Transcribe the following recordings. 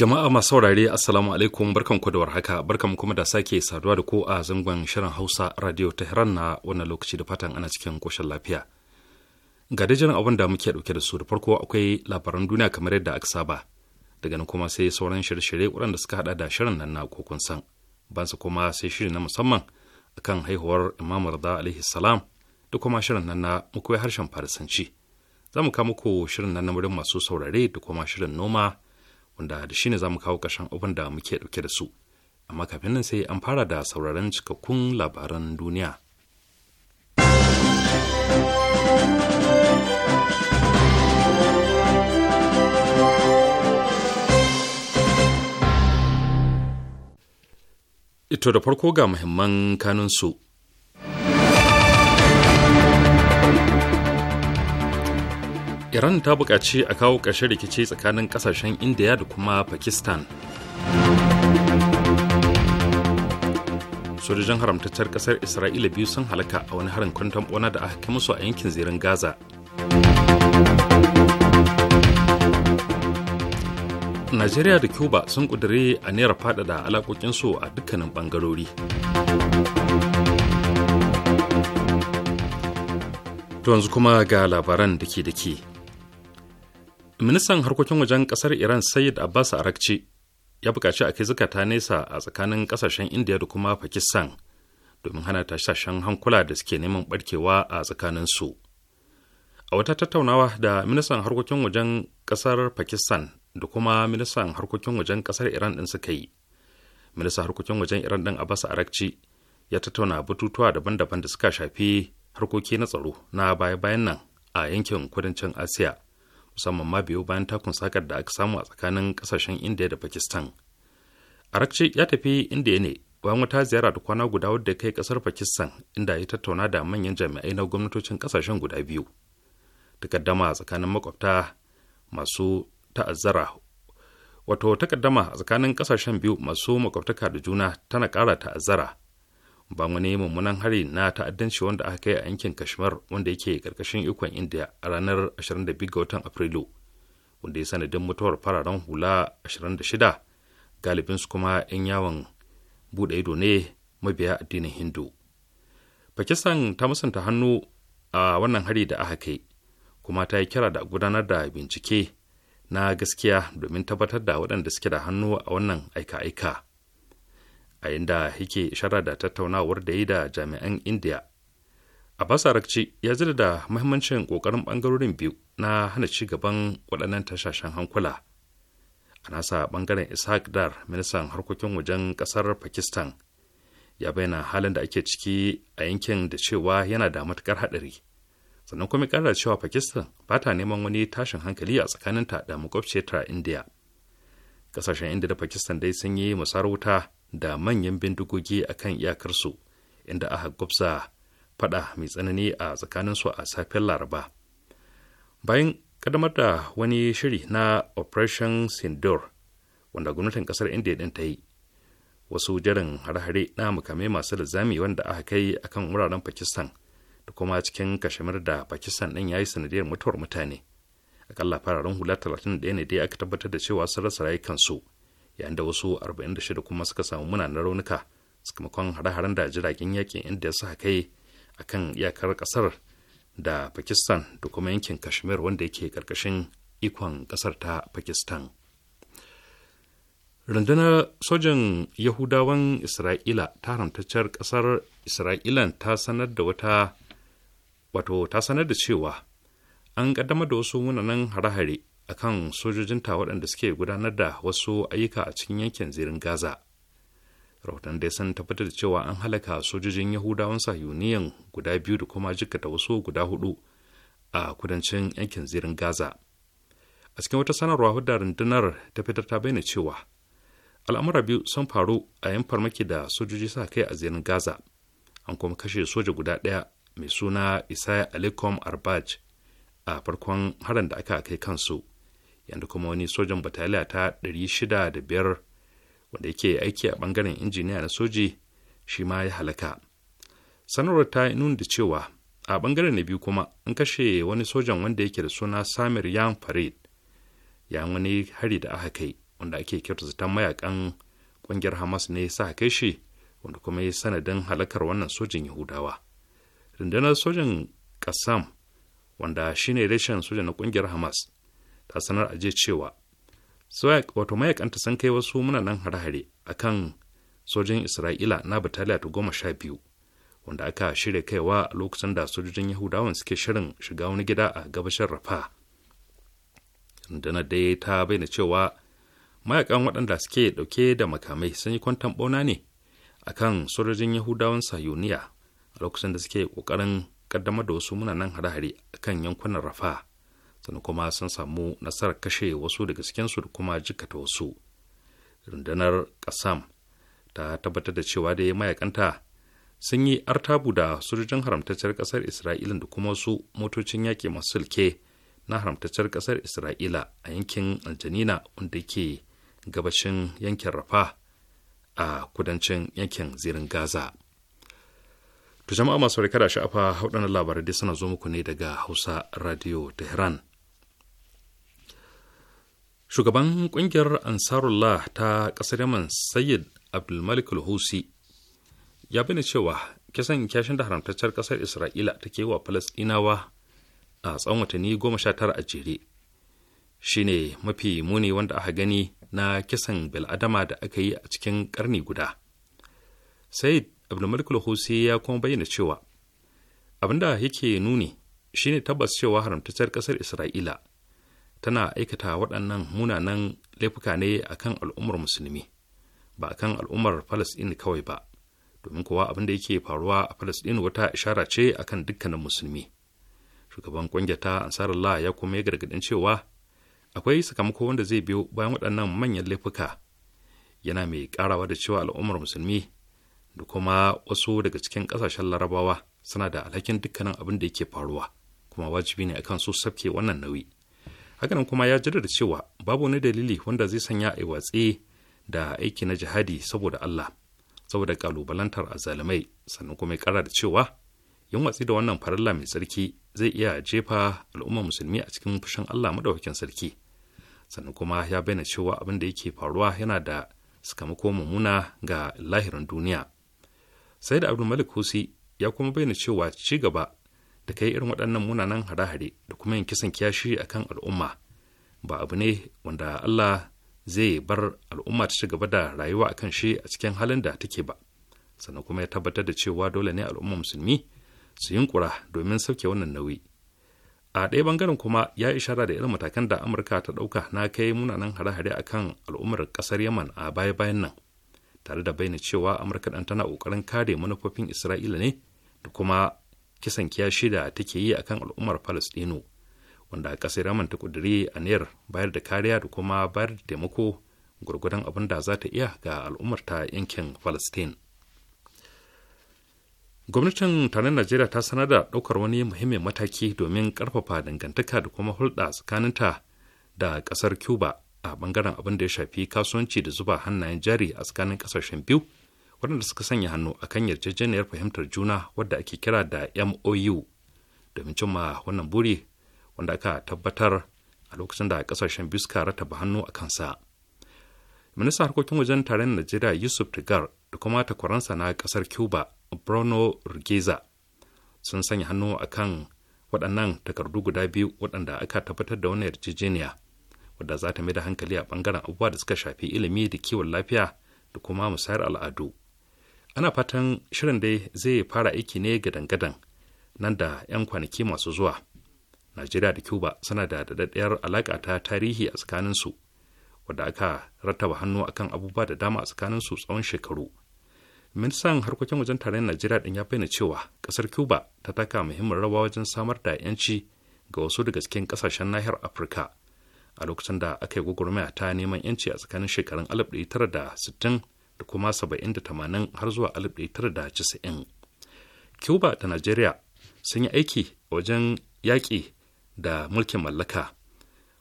Jama'a masu saurare Assalamu alaikum barkanku da warhaka barkanku kuma da sake saduwa da ku a zangon shirin Hausa Radio Tehran na wannan lokaci da fatan ana cikin koshin lafiya. Ga dajin abin da muke dauke da su da farko akwai labaran duniya kamar yadda aka saba daga nan kuma sai sauran shirye-shirye waɗanda suka hada da shirin nan na kokun san bansa kuma sai shirin na musamman akan haihuwar Imam Rida alaihi salam da kuma shirin nan na muku harshen Farisanci. Za mu kawo muku shirin nan na murin masu saurare da kuma shirin noma wanda da shi ne za mu kawo ƙarshen abin da muke ɗauke da su. Amma kafin nan sai an fara da sauraron cikakkun labaran duniya. Ito da farko ga muhimman kanunsu. iran ta buƙaci a kawo ƙarshen rikici tsakanin ƙasashen indiya da kuma pakistan sojojin haramtattar kasar isra'ila biyu sun halaka a wani harin kwanton bona da aka musu a yankin zirin gaza najeriya da cuba sun ƙudiri a naira faɗaɗa alaƙoƙinsu a dukkanin ɓangarori To yanzu kuma ga labaran da ke da ke. ministan harkokin wajen kasar iran sayyid abbas arakci ya bukaci a kai zukata nesa a tsakanin kasashen indiya da kuma pakistan domin hana tashashen hankula da suke neman barkewa a tsakanin su a wata tattaunawa da ministan harkokin wajen kasar pakistan da kuma ministan harkokin wajen kasar iran din suka yi ministan harkokin wajen iran ɗin abbas arakci ya tattauna batutuwa daban-daban da suka shafi harkoki na tsaro na baya-bayan nan a yankin kudancin asiya musamman ma biyu bayan takun sakar da aka samu a tsakanin kasashen indiya da pakistan arakci ya tafi indiya ne bayan wata ziyara da kwana guda wadda kai kasar pakistan inda ya tattauna da manyan jami'ai na gwamnatocin kasashen guda biyu takaddama a tsakanin makwabta masu ta'azzara wato takaddama a tsakanin kasashen biyu masu makwabtaka da juna tana kara ta'azzara ba wani mummunan hari na ta'addanci wanda aka kai a yankin kashmir wanda yake karkashin ikon india a ranar 22 ga watan afrilu wanda ya sanadin mutuwar fararen hula 26 galibinsu kuma 'yan yawon bude ido ne mabiya addinin hindu pakistan ta musanta hannu a wannan hari da aka kai kuma ta yi kira da gudanar da bincike na gaskiya domin tabbatar da waɗanda suke da hannu a wannan aika-aika a inda yake ishara da tattaunawar da yi da jami'an india a basarakci ya zira da mahimmancin kokarin bangarorin biyu na hana ci gaban waɗannan tashashen hankula a nasa bangaren ishaq dar ministan harkokin wajen ƙasar pakistan ya bayyana halin da ake ciki a yankin da cewa yana da matukar haɗari sannan kuma ƙarar cewa pakistan ba ta neman wani tashin hankali a tsakaninta da makwabciyarta india ƙasashen inda da pakistan dai sun yi musar wuta da manyan bindigogi a kan iyakarsu inda aka gwabza fada mai tsanani a su a safen laraba bayan kadamar da wani shiri na operation sindor wanda gwamnatin kasar india din ta yi wasu jarin hare-hare na mukamai masu linzami wanda aka kai kan wuraren pakistan da kuma cikin kashimir da pakistan din ya yi sanadiyar mutuwar mutane akalla fararen hula 31 ne dai aka tabbatar da cewa sun rasa rayukansu yayin da wasu 46 kuma suka samu munanan raunuka sakamakon hare-haren da jiragen yakin inda suka kai a kan iyakar kasar da pakistan da kuma yankin kashmir wanda yake karkashin ikon kasar ta pakistan rundunar sojan yahudawan isra'ila ta haramtacciyar kasar isra'ilan ta sanar da wata wato ta sanar da cewa an kaddamar da wasu munanan hare-hare a kan sojojinta waɗanda suke gudanar da wasu ayyuka a cikin yankin zirin gaza rahoton dai sun tabbatar da cewa an halaka sojojin yahudawan yuniyan guda biyu da kuma jikkata wasu guda hudu a kudancin yankin zirin gaza a cikin wata sanarwa hudda rundunar ta fitar ta bayyana cewa al'amura biyu sun faru a yan farmaki da sojoji sa kai a zirin gaza an kuma kashe soja guda ɗaya mai suna isaiah alekom arbaj a farkon harin da aka kai kansu yadda kuma wani sojan bataliya ta 605 wanda yake aiki a bangaren injiniya na soji shi ma ya halaka sanarwar ta yi nuna da cewa a bangaren na biyu kuma an kashe wani sojan wanda yake da suna samir yan farid ya wani hari da aka kai wanda ake kyautata mayakan kungiyar hamas ne sa kai shi wanda kuma ya sanadin halakar wannan sojan yahudawa rundunar sojan kassam wanda shine reshen soja na kungiyar hamas ta sanar a cewa swag wato mayakanta san kai wasu munanan hare-hare a kan sojin isra'ila na bataliya ta goma sha biyu wanda aka shirya kaiwa a lokacin da sojojin yahudawan suke shirin shiga wani gida a gabashin rafa dana dai ta bayyana cewa mayakan waɗanda suke ɗauke da makamai sun yi kwantan ɓauna ne a kan sojojin yahudawan sayuniya a lokacin da suke ƙoƙarin ƙaddamar da wasu munanan hare-hare a kan yankunan rafa sannan kuma sun samu nasarar kashe wasu daga cikinsu da kuma jikata wasu rundunar kasam ta tabbatar da cewa dai mayakanta sun yi artabu da sojojin haramtacciyar kasar isra'ila da kuma wasu motocin yaƙi masu sulke na haramtacciyar kasar isra'ila a yankin aljanina wanda ke gabashin yankin rafa a kudancin yankin zirin gaza to jama'a masu rikada sha'afa waɗannan labarai dai suna zo muku ne daga hausa radio tehran shugaban kungiyar ansarullah ta kasar yaman sayyid abdulmalik al ya bane cewa kisan kyashin da haramtaccen kasar isra'ila take wa falasdinawa a tsawon watanni goma sha tara a jere shine mafi muni wanda aka gani na kisan bil'adama da aka yi a cikin karni guda Sayyid abdulmalik al-husi ya kuma bayyana cewa abinda yake nuni shine tabbas cewa haramtacciyar kasar isra'ila tana aikata waɗannan munanan laifuka ne akan al'ummar musulmi ba a kan al'ummar falasɗin kawai ba domin kowa abin da yake faruwa a falasɗin wata ishara ce akan dukkanin musulmi shugaban ƙungiyar ta ansarallah ya kuma ya gargaɗin cewa akwai sakamako wanda zai biyo bayan waɗannan manyan laifuka yana mai karawa da cewa al'ummar musulmi da kuma wasu daga cikin ƙasashen larabawa suna da alhakin dukkanin abin da yake faruwa kuma wajibi ne akan su sabke wannan nauyi hakanan kuma ya jira da cewa babu wani dalili wanda zai sanya a watsi da aiki na jihadi saboda Allah saboda kalubalantar azalimai sannan kuma ya kara da cewa yin watsi da wannan farilla mai sarki zai iya jefa al'ummar musulmi a cikin fushin Allah madaukakin sarki sannan kuma ya bayyana cewa abin da yake faruwa yana da sakamako mummuna ga lahirin duniya sai da abdul malik husi ya kuma bayyana cewa ci gaba da kai irin waɗannan munanan hare-hare da kuma yin kisan kiyashi a kan al'umma ba abu ne wanda Allah zai bar al'umma ta ci gaba da rayuwa a kan shi a cikin halin da take ba sannan kuma ya tabbatar da cewa dole ne al'umma musulmi su yunkura domin sauke wannan nauyi a ɗaya bangaren kuma ya ishara da irin matakan da amurka ta ɗauka na kai munanan hare-hare a kan al'ummar ƙasar yaman a baya-bayan nan tare da bayyana cewa amurka ɗan tana ƙoƙarin kare manufofin isra'ila ne da kuma kisan kiya shida take yi akan al'ummar Falasɗinu wanda ƙasar ramanta ta a niyar bayar da kariya da kuma bayar da taimako gwargwadon abin da za ta iya ga al'ummar ta yankin Falastin. Gwamnatin taron Najeriya ta sanar da ɗaukar wani muhimmin mataki domin ƙarfafa dangantaka da kuma hulɗa tsakaninta da ƙasar Cuba a bangaren abin da ya shafi kasuwanci da zuba hannayen jari a tsakanin ƙasashen biyu waɗanda suka sanya hannu a kan yarjejeniyar fahimtar juna wadda ake kira da MOU domin cimma wannan buri wanda aka tabbatar a lokacin da kasashen biyu suka rataba hannu a kansa. Ministan harkokin wajen tarayyar Najeriya Yusuf Tigar da kuma takwaransa na kasar Cuba Bruno Rugeza sun sanya hannu a kan waɗannan takardu guda biyu waɗanda aka tabbatar da wani yarjejeniya wadda za ta mai da hankali a ɓangaren abubuwa da suka shafi ilimi da kiwon lafiya da kuma musayar al'adu. ana fatan shirin dai zai fara aiki ne gadan-gadan nan da 'yan kwanaki masu zuwa najeriya da cuba suna da daɗaɗɗiyar alaƙa ta tarihi a tsakaninsu wadda aka rattaba hannu akan abubuwa da dama a tsakaninsu tsawon shekaru ministan harkokin wajen tarayyar najeriya din ya bayyana cewa ƙasar cuba ta taka muhimmin rawa wajen samar da 'yanci ga wasu daga cikin kasashen nahiyar afirka a lokacin da aka yi gwagwarmaya ta neman 'yanci a tsakanin shekarun 1960 da kuma 70 da 80 har zuwa 1990 cuba da najeriya sun yi aiki a wajen yaƙi da mulkin mallaka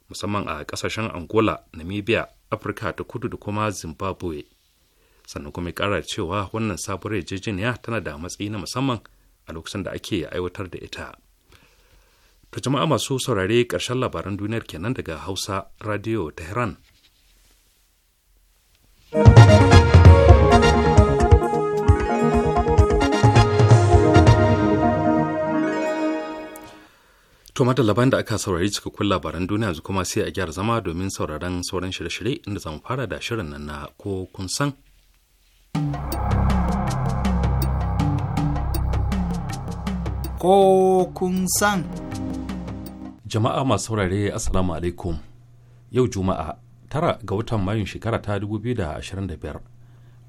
musamman a ƙasashen angola namibia afirka ta kudu da kuma zimbabwe sannan kuma ƙara cewa wannan sabuwar yarjejeniya tana da matsayi na musamman a lokacin da ake aiwatar da ita to jama'a masu saurare ƙarshen labaran duniyar kenan daga hausa radio tehran thank you To madallaban da aka saurari cikakkun labaran duniya yanzu kuma sai a gyara zama domin sauraron sauran shirye-shirye inda zamu fara da shirin nan na ko kun san. Ko kun san. Jama'a masu saurare Assalamu alaikum. Yau Juma'a tara ga watan Mayun shekara ta 2025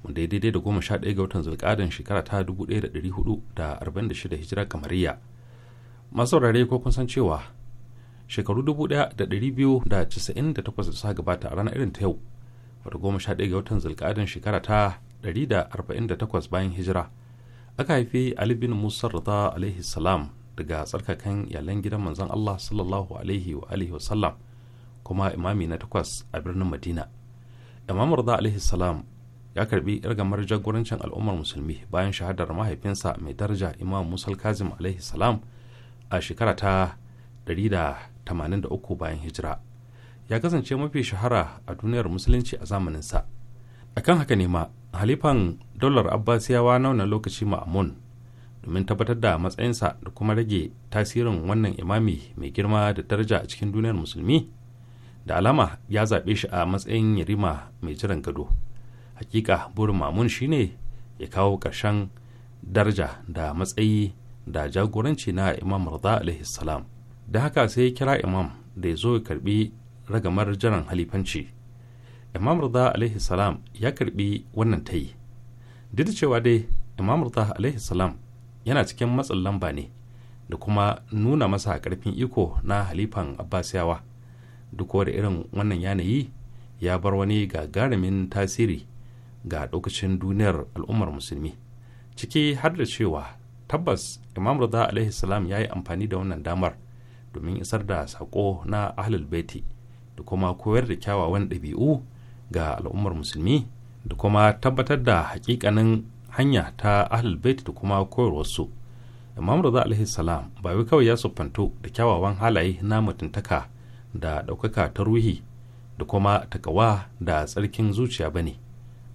wanda ya daidai da goma sha ɗaya ga watan zulƙadan shekara ta 1446 hijira kamariya. masu saurare ko kun san cewa shekaru 1298 da suka gabata a ranar irin ta yau wata goma sha ɗaya ga watan zulƙadin shekara ta 148 bayan hijira aka haifi ali bin musa rada alaihi salam daga tsarkakan iyalan gidan manzon allah sallallahu alaihi wa alihi wa sallam kuma imami na takwas a birnin madina imam rada alaihi salam ya karbi irgamar jagorancin al'ummar musulmi bayan shahadar mahaifinsa mai daraja imam musal kazim alaihi salam a shekara ta 183 bayan hijira ya kasance mafi shahara a duniyar musulunci a zamaninsa kan haka ne ma halifan daular abbasiyawa na wannan lokaci ma'amun domin tabbatar da matsayinsa da kuma rage tasirin wannan imami mai girma da daraja a cikin duniyar musulmi da alama ya zaɓe shi a matsayin yarima mai jiran gado hakika burin mamun shine ya kawo ƙarshen daraja da matsayi da jagoranci na imam rada alaihi salam da haka sai ya kira imam da ya zo ya karbi ragamar jiran halifanci imam rada alaihi salam ya karbi wannan tayi duk cewa dai imam rada alaihi salam yana cikin matsin lamba ne da kuma nuna masa karfin iko na halifan abbasiyawa duk da irin wannan yanayi ya bar wani gagarumin tasiri ga ɗaukacin duniyar al'ummar musulmi ciki har da cewa tabbas imam rada alaihi salam ya yi amfani da wannan damar domin isar da sako na ahlul baiti da kuma koyar da kyawawan ɗabi'u ga al'ummar musulmi da kuma tabbatar da hakikanin hanya ta ahlul baiti da kuma koyarwarsu imam rada alaihi salam ba wai kawai ya siffanto da kyawawan halaye na mutuntaka da ɗaukaka ta ruhi da kuma takawa da tsarkin zuciya ba ne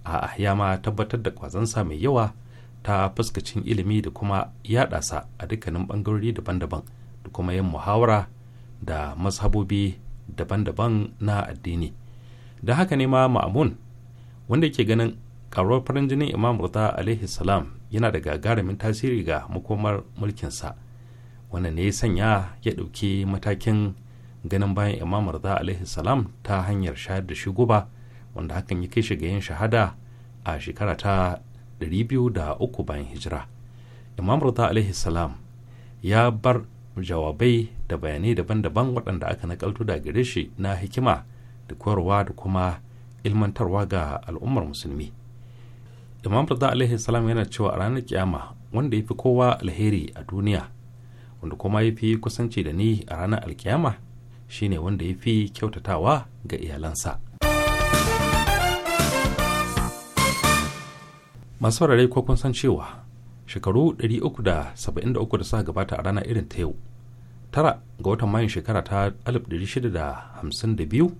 a'a ya ma tabbatar da kwazansa mai yawa ta fuskacin ilimi da kuma yaɗa sa a dukkanin ɓangarori daban-daban da kuma yin muhawara da mazhabobi daban-daban na addini da haka ne ma ma'amun wanda ke ganin ƙaruwar farin jinin imam rida alaihi salam yana da gagarumin tasiri ga makomar mulkinsa wanda ne ya sanya ya ɗauki matakin ganin bayan imam rida alaihi salam ta hanyar shayar da shi guba wanda hakan ya kai shi ga yin shahada a shekara ta uku bayan hijira imam rida alaihi salam ya bar jawabai da bayanai daban-daban waɗanda aka naƙaltu da gare shi na hikima da koyarwa da kuma ilmantarwa ga al'ummar musulmi imam rida alaihi salam yana cewa a ranar kiyama wanda ya fi kowa alheri a duniya wanda kuma ya fi kusanci da ni a ranar alkiyama shine wanda ya fi kyautatawa ga iyalansa masu farare ko kun san cewa shekaru 373 da suka gabata a rana irin ta yau tara ga watan mayun shekara ta 1652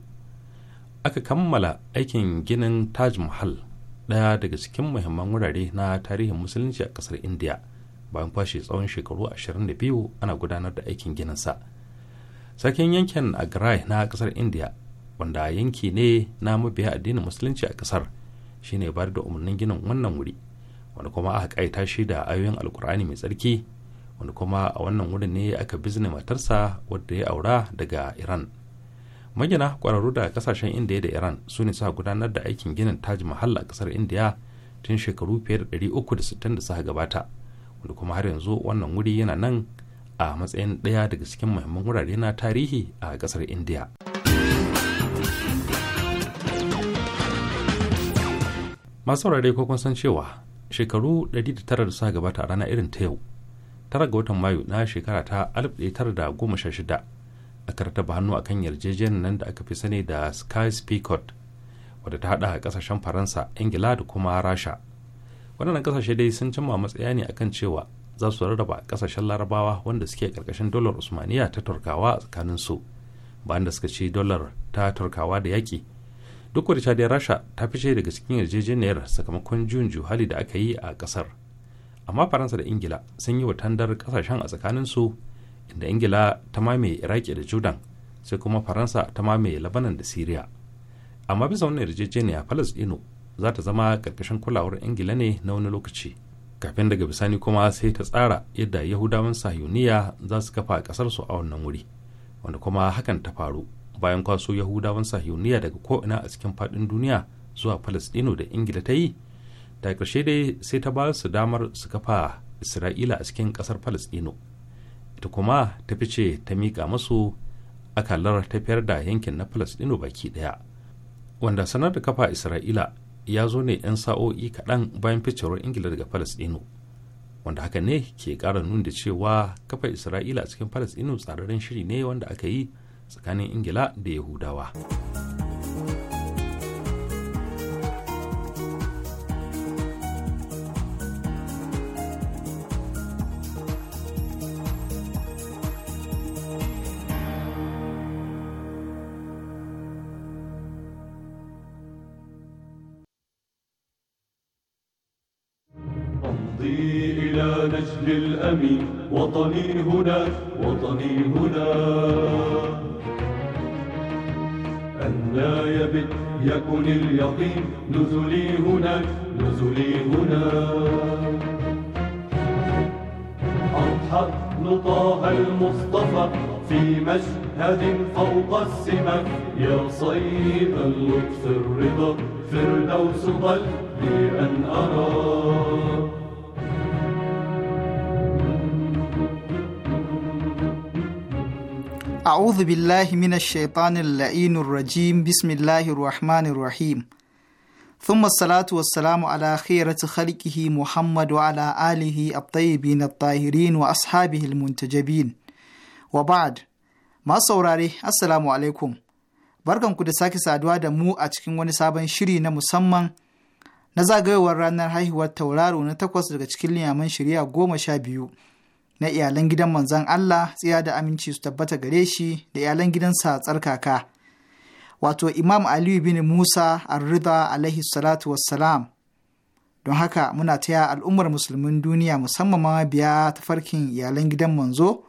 aka kammala aikin ginin taj mahal daya daga cikin muhimman wurare na tarihin musulunci a kasar india bayan kwashe tsawon shekaru 22 ana gudanar da aikin gininsa sarkin yankin agrai na kasar india wanda yanki ne na mabiya addinin musulunci a kasar. shine bayar da umarnin ginin wannan wuri wani kuma aka kaita shi da ayoyin alkur'ani mai tsarki wani kuma a wannan wurin ne aka bizne matarsa wadda ya aura daga iran magina kwararru da kasashen indiya da iran su ne suka gudanar da aikin ginin taj mahal a kasar indiya tun shekaru fiye da uku da sittin da suka gabata wanda kuma har yanzu wannan wuri yana nan a matsayin ɗaya daga cikin muhimman wurare na tarihi a kasar indiya. masu saurare ko kun san cewa shekaru 109 da suka gabata a rana irin ta yau tara ga watan mayu na shekara ta 1916 aka rataba hannu a kan yarjejeniyar nan da aka fi sani da sky speakot wadda ta hada a kasashen faransa ingila da kuma rasha waɗannan kasashe dai sun cimma matsaya ne akan cewa za su rarraba kasashen larabawa wanda suke karkashin dolar usmaniya ta turkawa a tsakanin su bayan da suka ci dollar ta turkawa da yaƙi duk da dai rasha ta fice daga cikin yarjejeniyar sakamakon juyin juhali da aka yi a kasar amma faransa da ingila sun yi wa tandar kasashen a tsakanin su inda ingila ta mamaye iraki da jordan sai kuma faransa ta mamaye labanan da syria amma bisa wannan yarjejeniya palestino za ta zama karkashin kulawar ingila ne na wani lokaci kafin daga bisani kuma sai ta tsara yadda yahudawan sahiyoniya za su kafa kasar su a wannan wuri wanda kuma hakan ta faru bayan kwaso yahudawan sahiyoniya daga ko'ina a cikin faɗin duniya zuwa falastino da ingila ta yi da ƙarshe dai sai ta ba su damar su kafa isra'ila a cikin ƙasar falastino ita kuma ta fice ta miƙa masu akalar tafiyar da yankin na falastino baki ɗaya wanda sanar da kafa isra'ila ya zo ne 'yan sa'o'i kaɗan bayan ficewar ingila daga falastino wanda haka ne ke ƙara nuna da cewa kafa isra'ila a cikin falastino tsararren shiri ne wanda aka yi tsakanin ingila da yahudawa هاد فوق السمك يا صيد اللطف الرضا فردوس قلبي أن أرى أعوذ بالله من الشيطان اللعين الرجيم بسم الله الرحمن الرحيم ثم الصلاة والسلام على خيرة خلقه محمد وعلى آله الطيبين الطاهرين وأصحابه المنتجبين وبعد Masu saurare, Assalamu alaikum. Barkanku da sake saduwa da mu a cikin wani sabon shiri na musamman na zagayowar ranar haihuwar tauraro na takwas daga cikin liyaman shirya goma sha biyu na iyalan gidan manzan Allah tsira da aminci su tabbata gare shi da iyalan gidansa tsarkaka. Wato Imam Aliyu bin Musa Ar-Rida alaihi salatu wassalam. Don haka muna taya al'ummar musulmin duniya musamman ma biya farkin iyalan gidan manzo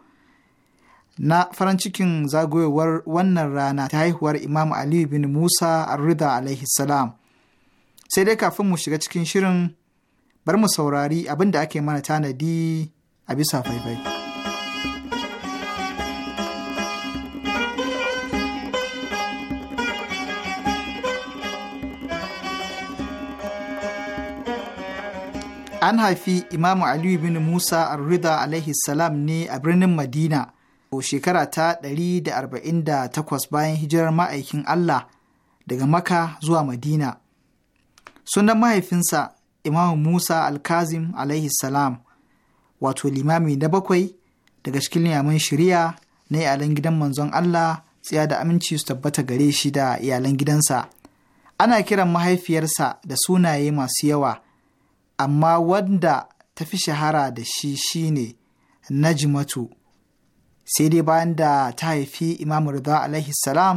na farin cikin zagayowar wannan rana ta haihuwar Imam Ali bin Musa arrida alaihi salam. Sai dai kafin mu shiga cikin shirin bar mu saurari abin da ake mana tanadi a bisa faifai. An haifi Imam Aliyu bin Musa arrida alaihi salam ne a birnin Madina. ko shekara ta 148 bayan hijirar ma'aikin Allah daga Maka zuwa Madina. Sunan mahaifinsa Imam Musa Alkazim alaihi salam wato limami na bakwai daga cikin limamin shari'a na iyalan gidan manzon Allah tsaya da aminci su tabbata gare shi da iyalan gidansa. Ana kiran mahaifiyarsa da sunaye masu yawa, amma wanda ta fi shahara da shi shine Najmatu sai dai bayan da ta haifi Imam Rida alaihi salam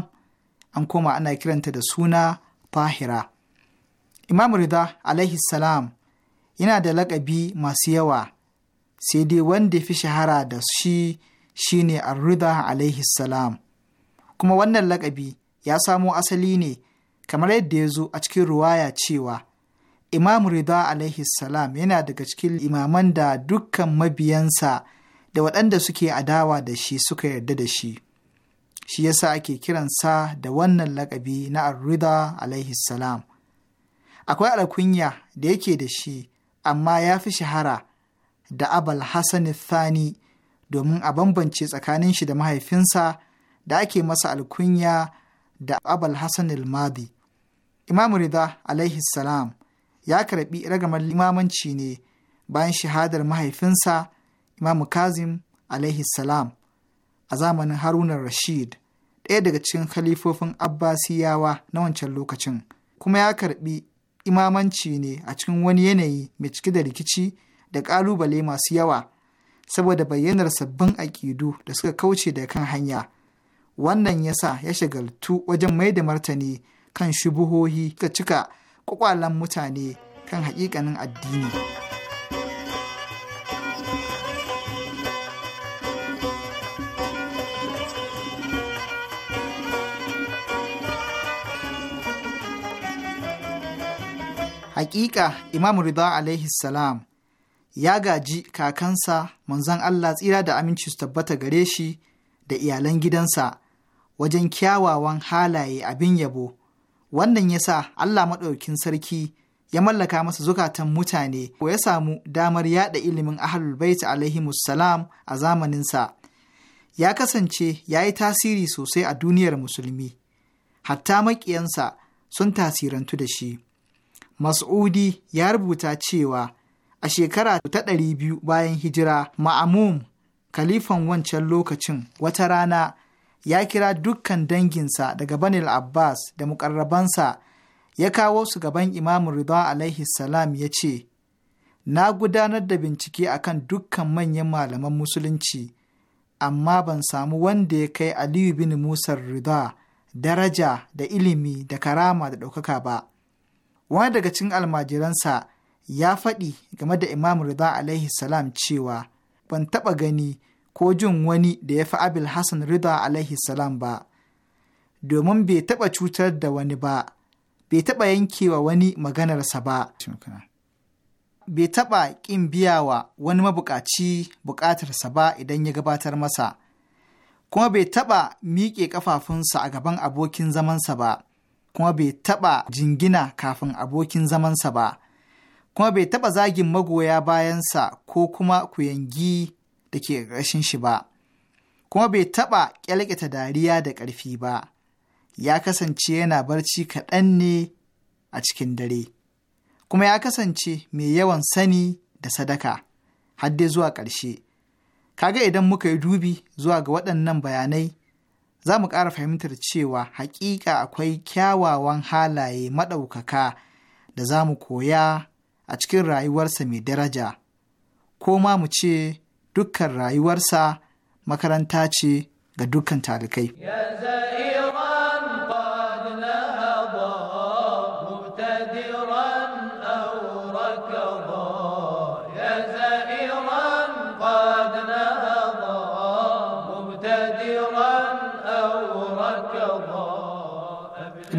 an koma ana kiranta da suna Fahira. Imam Rida alaihi salam yana da laƙabi masu yawa sai dai wanda ya fi shahara da shi shine Ar-Rida alaihi salam. Kuma wannan laƙabi ya samo asali ne kamar yadda ya zo a cikin ruwaya cewa Imam Rida alaihi salam yana daga cikin imaman da dukkan mabiyansa da waɗanda suke adawa da shi suka yarda da shi shi yasa ake kiransa da wannan lakabi na arrida alaihi salam akwai alkunya da yake da shi amma ya fi shahara da abal hassan thani domin a bambance tsakanin shi da mahaifinsa da ake masa alkunya da abal hassan madi imam rida alaihi salam ya karɓi ragamar limamanci ne bayan shahadar mahaifinsa Imam Kazim alaihi salam a zamanin Harunan Rashid, ɗaya daga cikin khalifofin Abbasiyawa na wancan lokacin, kuma ya karɓi imamanci ne a cikin wani yanayi mai cike da rikici da ƙalubale masu yawa saboda bayyanar sabbin aƙidu da suka kauce da kan hanya. Wannan ya sa ya shagaltu wajen mai da martani kan shubuhohi suka cika ƙwaƙwalen mutane kan haƙiƙanin addini. Hakika Imam Rida alaihi salam ya gaji kakansa manzon Allah tsira da aminci su tabbata gare shi da iyalan gidansa wajen kyawawan halaye abin yabo. Wannan ya sa Allah maɗaukin sarki ya mallaka masa zukatan mutane ko ya samu damar yaɗa ilimin ahlul bait alaihi salam a zamaninsa. Ya kasance ya yi tasiri sosai a duniyar musulmi, hatta maƙiyansa sun tasirantu da shi. Mas'udi ya rubuta cewa a shekara ta ɗari biyu bayan hijira Ma'amum kalifan wancan lokacin wata rana ya kira dukkan danginsa daga Banil Abbas da muƙarrabansa, ya kawo su gaban Imamu Rida alaihi salam ya ce, Na gudanar da bincike akan dukkan manyan malaman musulunci, amma ban samu wanda ya kai Aliyu bin Musar Rida daraja da ilimi da karama da ɗaukaka ba. wani daga cikin almajiransa ya faɗi game da imam rida alaihi salam cewa ban taɓa gani ko jin wani da ya fi abil hassan rida alaihi salam ba domin bai taɓa cutar da wani ba bai taɓa yankewa wani maganarsa ba bai taɓa ƙin biya wa wani mabuƙaci buƙatarsa ba idan ya gabatar masa kuma bai taɓa miƙe ƙafafunsa a gaban abokin zamansa ba kuma bai taɓa jingina kafin abokin zamansa ba, kuma bai taɓa zagin magoya bayansa ko kuma ku yangi da ke ƙarƙashin shi ba, kuma bai taɓa ƙyalƙita dariya da ƙarfi ba, ya kasance yana barci kaɗan ne a cikin dare, kuma ya kasance mai yawan sani da sadaka, har dai zuwa ƙarshe. Kaga idan muka yi dubi zuwa ga waɗannan bayanai za mu ƙara fahimtar cewa haƙiƙa akwai kyawawan halaye maɗaukaka da za mu koya a cikin rayuwarsa mai daraja, ko ma mu ce dukkan rayuwarsa makaranta ce ga dukkan talikai.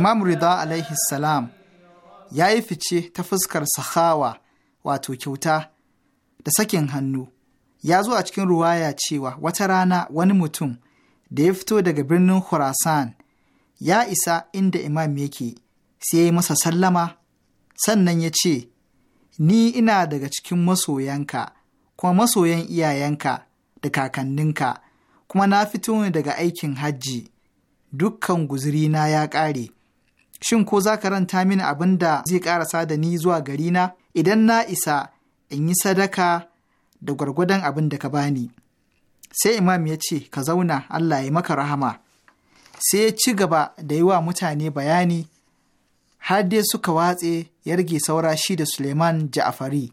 Imam Rida alaihi salam ya yi fice ta fuskar sahawa wato kyauta da sakin hannu. Ya zo a cikin ruwaya cewa wata rana wani mutum da ya fito daga birnin Khurasan ya isa inda imam yake sai ya yi masa sallama sannan ya ce, Ni ina daga cikin masoyanka kuma masoyan iyayenka da kakanninka kuma na fito ne daga aikin hajji dukkan guzurina ya ƙare. shin ko za ka ranta mini abin da zai karasa da ni zuwa gari na idan na isa in yi sadaka da gwargwadon abin da ka bani sai imam ya ce ka zauna allah ya maka rahama sai ya ci gaba da yi wa mutane bayani har dai suka watse ya rage saura shi da suleiman ja'afari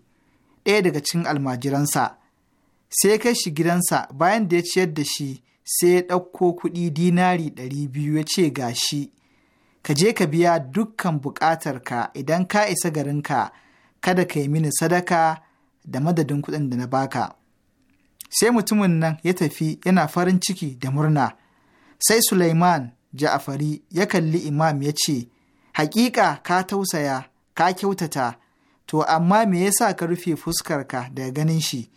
ɗaya daga cikin almajiransa sai ya kai shi gidansa bayan da ya ciyar da shi sai ya ɗauko kuɗi dinari ɗari biyu ya ce ga shi ka je ka biya dukkan buƙatarka idan ka isa garinka kada ka yi mini sadaka da madadin kuɗin da na baka sai mutumin nan ya tafi yana farin ciki da murna sai Sulaiman Ja'afari ya kalli imam ya ce, Hakika ka tausaya, ka kyautata, to amma me ya sa ka rufe fuskarka daga ganin shi?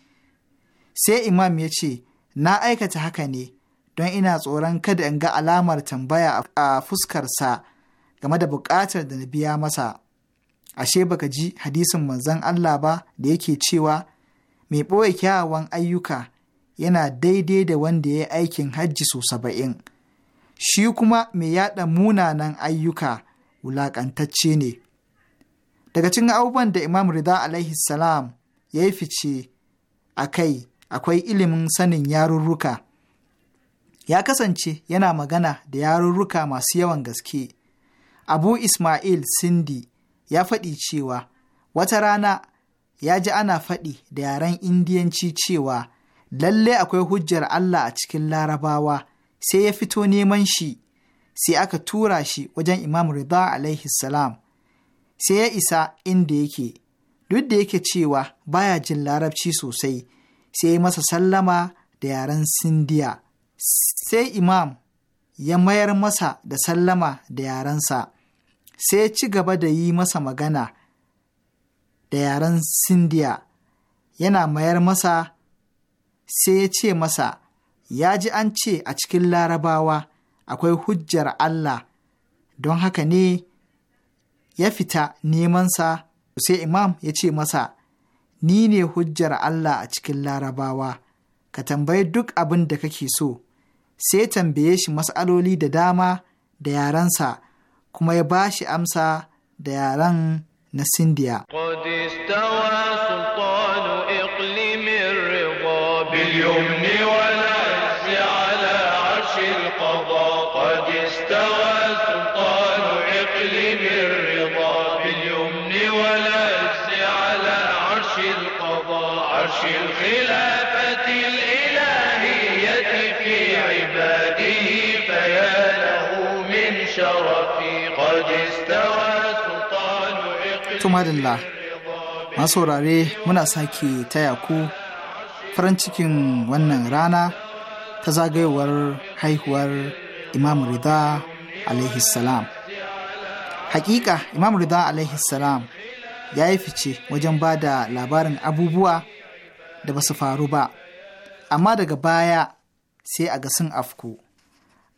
Sai imam ya ce, Na aikata haka ne, don ina tsoron kada in ga alamar tambaya a fuskarsa game da buƙatar da na biya masa ashe baka ji hadisin manzon Allah ba da yake cewa mai ɓoye kyawawan ayyuka yana daidai da wanda ya yi aikin hajji so saba'in shi kuma mai yaɗa munanan ayyuka wulaƙantacce ne daga cikin abubuwan da imam rida alaihi salam ya yi fice a kai akwai ilimin sanin yarurruka ya kasance yana magana da yarurruka masu yawan gaske Abu Ismail Sindi ya faɗi cewa wata rana ya ji ana faɗi da yaren Indiyanci cewa lalle akwai hujjar Allah a cikin larabawa sai ya fito neman shi sai aka tura shi wajen Imam Rida alaihi salam sai ya isa inda yake duk da yake cewa baya jin larabci sosai sai ya masa sallama da yaren Sindiya sai Imam ya mayar masa da sallama da yarensa. sai ci gaba da yi masa magana da yaren Sindiya yana mayar masa sai ya ce masa, Ya ji an ce a cikin larabawa akwai hujjar Allah, don haka ne ya fita nemansa, sai imam ya ce masa, Ni ne hujjar Allah a cikin larabawa, ka tambayi duk abin da kake so, sai tambaye shi mas'aloli da dama da yarensa. kuma ya ba shi amsa da yaren na Sindiya. madalla masu saurare muna sake taya ku farin cikin wannan rana ta zagayowar haihuwar imam rida alaihi salam hakika imam rida alaihi salam ya yi fice wajen ba da labarin abubuwa da ba su faru ba amma daga baya sai a gasin afku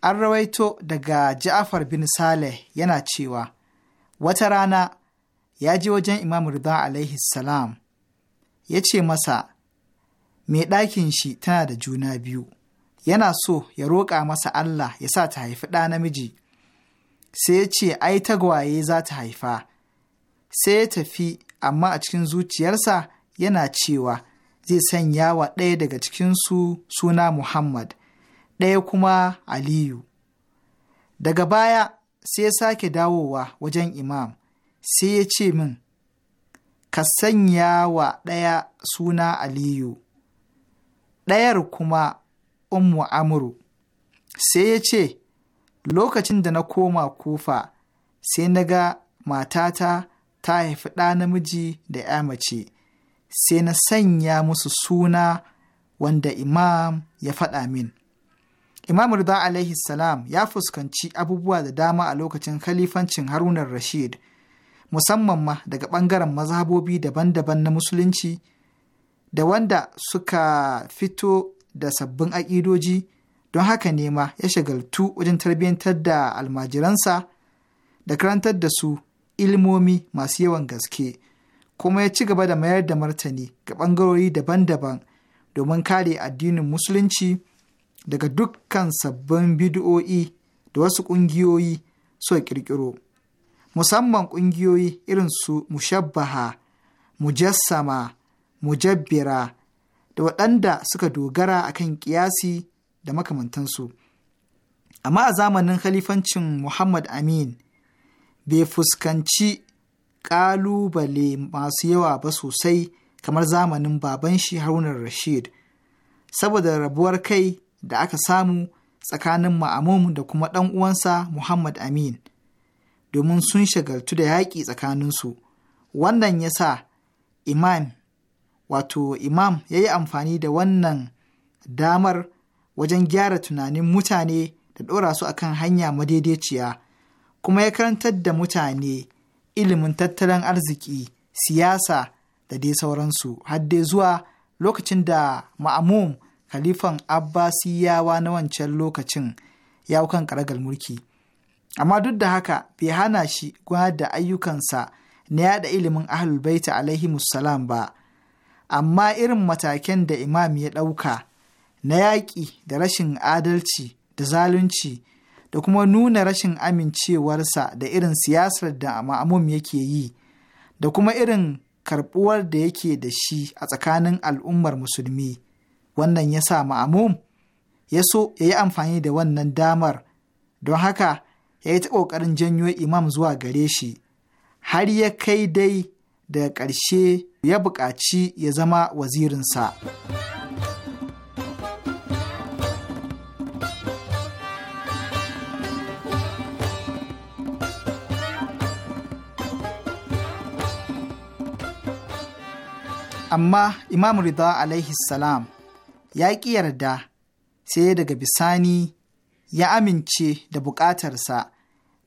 an rawaito daga ja'afar bin saleh yana cewa wata rana ya je wajen Imam Rida alaihi salam ya ce masa, Mai ɗakin shi tana da juna biyu, yana so ya roƙa masa Allah ya sa ta haifi ɗa namiji, sai ya ce, Ai, tagwaye za ta haifa, sai ya tafi, amma a cikin zuciyarsa yana cewa zai sanya wa ɗaya daga cikinsu suna Muhammad, ɗaya kuma Aliyu. Daga baya sai ya sake dawowa wajen Imam. sai ya ce min, Ka sanya wa ɗaya suna Aliyu, ɗayar kuma Ummu Amuru, sai ya ce, Lokacin da na koma kufa, sai na ga matata ta haifi ɗa namiji da ‘ya mace, sai na sanya musu suna wanda imam ya faɗa min. Imam Rida alaihi salam ya fuskanci abubuwa da dama a lokacin khalifancin Harunan Rashid. musamman ma daga ɓangaren mazhabobi daban-daban na musulunci da wanda suka fito da sabbin aƙidoji don haka ne ma ya shagaltu wajen tarbiyyantar da almajiransa da karantar da su ilmomi masu yawan gaske kuma ya ci gaba da mayar da martani ga ɓangarori daban-daban domin kare addinin musulunci daga dukkan sabbin bidiyo'i da wasu ƙungiyoyi so ƙirƙiro musamman ƙungiyoyi irin su mushabbaha, mujassama, mujabbira da waɗanda suka dogara a kan ƙiyasi da makamantansu. Amma a zamanin khalifancin Muhammad Amin bai fuskanci ƙalubale masu yawa ba sosai kamar zamanin baban shi Harunar Rashid, saboda rabuwar kai da aka samu tsakanin Ma'amun da kuma ɗan uwansa Muhammad Amin. domin sun shagaltu da yaƙi tsakaninsu wannan ya sa imam wato imam ya yi amfani da wannan damar wajen gyara tunanin mutane da ɗora su akan hanya madaidaiciya kuma ya karantar da mutane ilimin tattalin arziki siyasa da dai sauransu har dai zuwa lokacin da ma'amum khalifan abbasiyawa na wancan lokacin ya kan karagar mulki amma duk da haka bai hana shi gwada da ayyukansa na yada ilimin ahlul baita alaihi musalam ba amma irin mataken da imam ya ɗauka na yaƙi da rashin adalci da zalunci da kuma nuna rashin amincewarsa da irin siyasar da ma'amum yake yi da kuma irin karɓuwar da yake da shi a tsakanin al'ummar musulmi wannan ya sa ma'amum ya so ya yi amfani da wannan damar don haka ya yi ta ƙoƙarin janyo imam zuwa gare shi har ya kai dai daga ƙarshe ya buƙaci ya zama wazirinsa. amma imam rida alaihi salam ya ƙi yarda sai daga bisani ya amince da buƙatarsa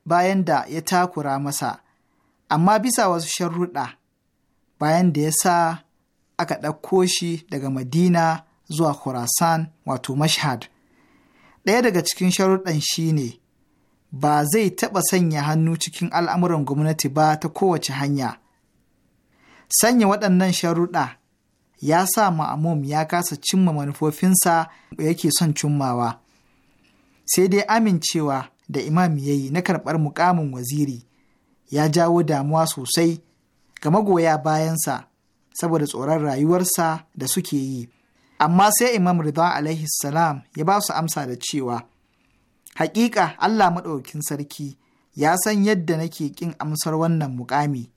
bayan da ya takura masa, amma bisa wasu sharruɗa bayan da ya sa aka ɗauko shi daga Madina zuwa Khurasan wato Mashhad. Ɗaya daga cikin sharuɗan shi ne, ba zai taɓa sanya hannu cikin al'amuran gwamnati ba ta kowace hanya. Sanya waɗannan sharuɗa ya sa ma'amum ya kasa cimma manufofinsa yake son cimmawa. Sai dai amincewa da imam ya yi na karɓar mukamin waziri ya jawo damuwa sosai ga magoya bayansa saboda tsoron rayuwarsa da suke yi amma sai imam ridwan alaihi salam ya ba su amsa da cewa Haƙiƙa allah maɗaukin sarki ya san yadda nake ƙin amsar wannan mukami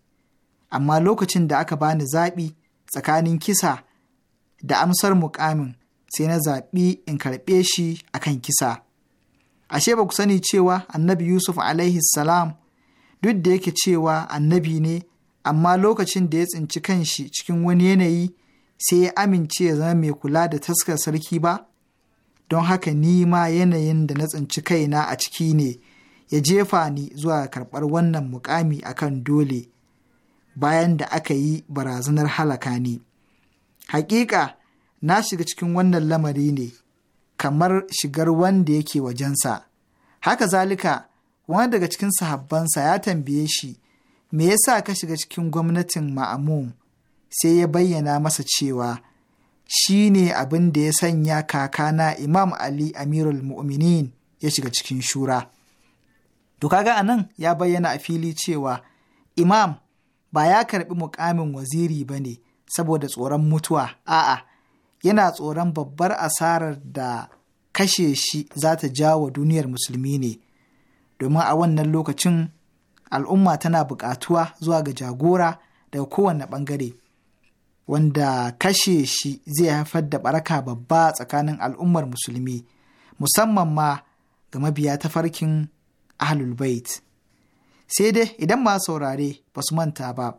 amma lokacin da aka bani zaɓi tsakanin kisa da amsar mukamin sai na zaɓi in karɓe shi akan kisa ashe ba ku sani cewa annabi Yusuf alaihi salam duk da yake cewa annabi ne amma lokacin da ya tsinci kanshi cikin wani yanayi sai ya amince ya zama mai kula da taskar sarki ba don haka ni ma yanayin da na tsinci kaina a ciki ne ya jefa ni zuwa karɓar wannan mukami akan dole bayan da aka yi barazanar halaka ni. Hakika na shiga cikin wannan lamari ne kamar shigar wanda yake wajensa. Haka zalika, wani daga cikin sahabbansa ya tambaye shi, me yasa ka shiga cikin gwamnatin ma'amum sai ya bayyana masa cewa shi ne abin da ya sanya kakana Imam Ali Amirul Mu'minin ya shiga cikin shura. To kaga a nan ya bayyana a fili cewa Imam ba ya karɓi mukamin waziri ba ne saboda tsoron mutuwa, a'a, yana tsoron babbar asarar da kashe shi za ta wa duniyar musulmi ne domin a wannan lokacin al'umma tana buƙatuwa zuwa ga jagora daga kowane ɓangare wanda kashe shi zai haifar da ɓaraka babba tsakanin al'ummar musulmi musamman ma ga mabiya tafarkin ahlul bait sai dai idan ma saurare ba su manta ba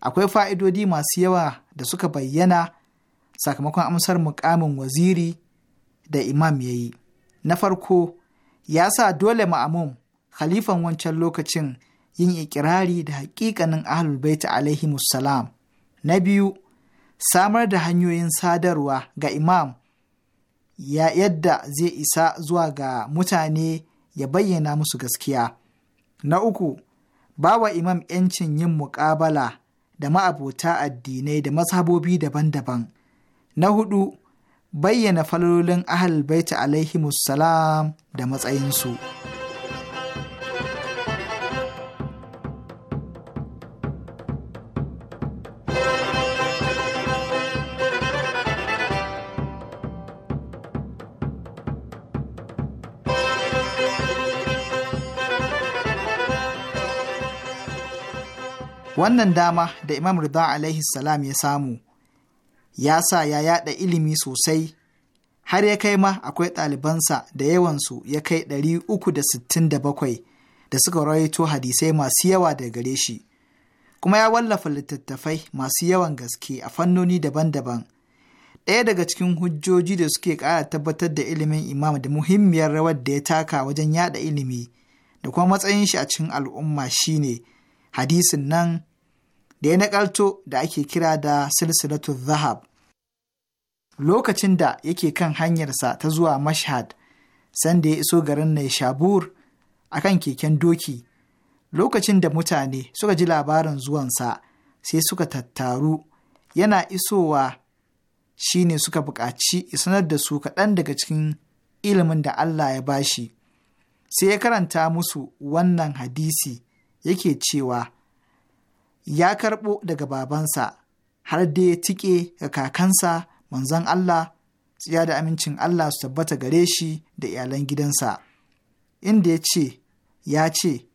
akwai fa'idodi masu yawa da suka bayyana sakamakon amsar mukamin waziri da imam ya yi. Na farko, ya sa dole ma'amum khalifan wancan lokacin yin ikirari da hakikanin ahlul baita alaihi musalam. Na biyu, samar da hanyoyin sadarwa ga imam ya yadda zai isa zuwa ga mutane ya bayyana musu gaskiya. Na uku, bawa imam ‘yancin yin muƙabala da ma'abota addinai da mazhabobi daban-daban Na hudu, bayyana falolin ahal baita alaihi salam da matsayinsu. Wannan dama da Imam Rida alaihi salam ya samu ya sa ya yada ilimi sosai har ya kai ma akwai ɗalibansa da yawansu ya kai ɗari uku da sittin da da bakwai suka rawaito hadisai masu yawa da gare shi kuma ya wallafa littattafai masu yawan gaske a fannoni daban-daban ɗaya daga cikin hujjoji da suke ƙara tabbatar da ilimin imam da muhimmiyar rawar da ya taka wajen yada ilimi da kuma matsayin shi a cikin al'umma shine hadisin nan da ya nakalto da ake kira da silsilatu zahab lokacin da yake kan hanyarsa ta zuwa mashhad sanda ya iso garin Naishabur a kan keken doki lokacin da mutane suka ji labarin zuwansa sai suka tattaru yana isowa shi ne suka buƙaci sanar da su kaɗan daga cikin ilimin da Allah ya bashi sai ya karanta musu wannan hadisi yake cewa ya karɓo daga babansa har da ya tike ga kakansa manzon Allah tsiya da amincin Allah su tabbata gare shi da iyalan gidansa inda ya ce ya ce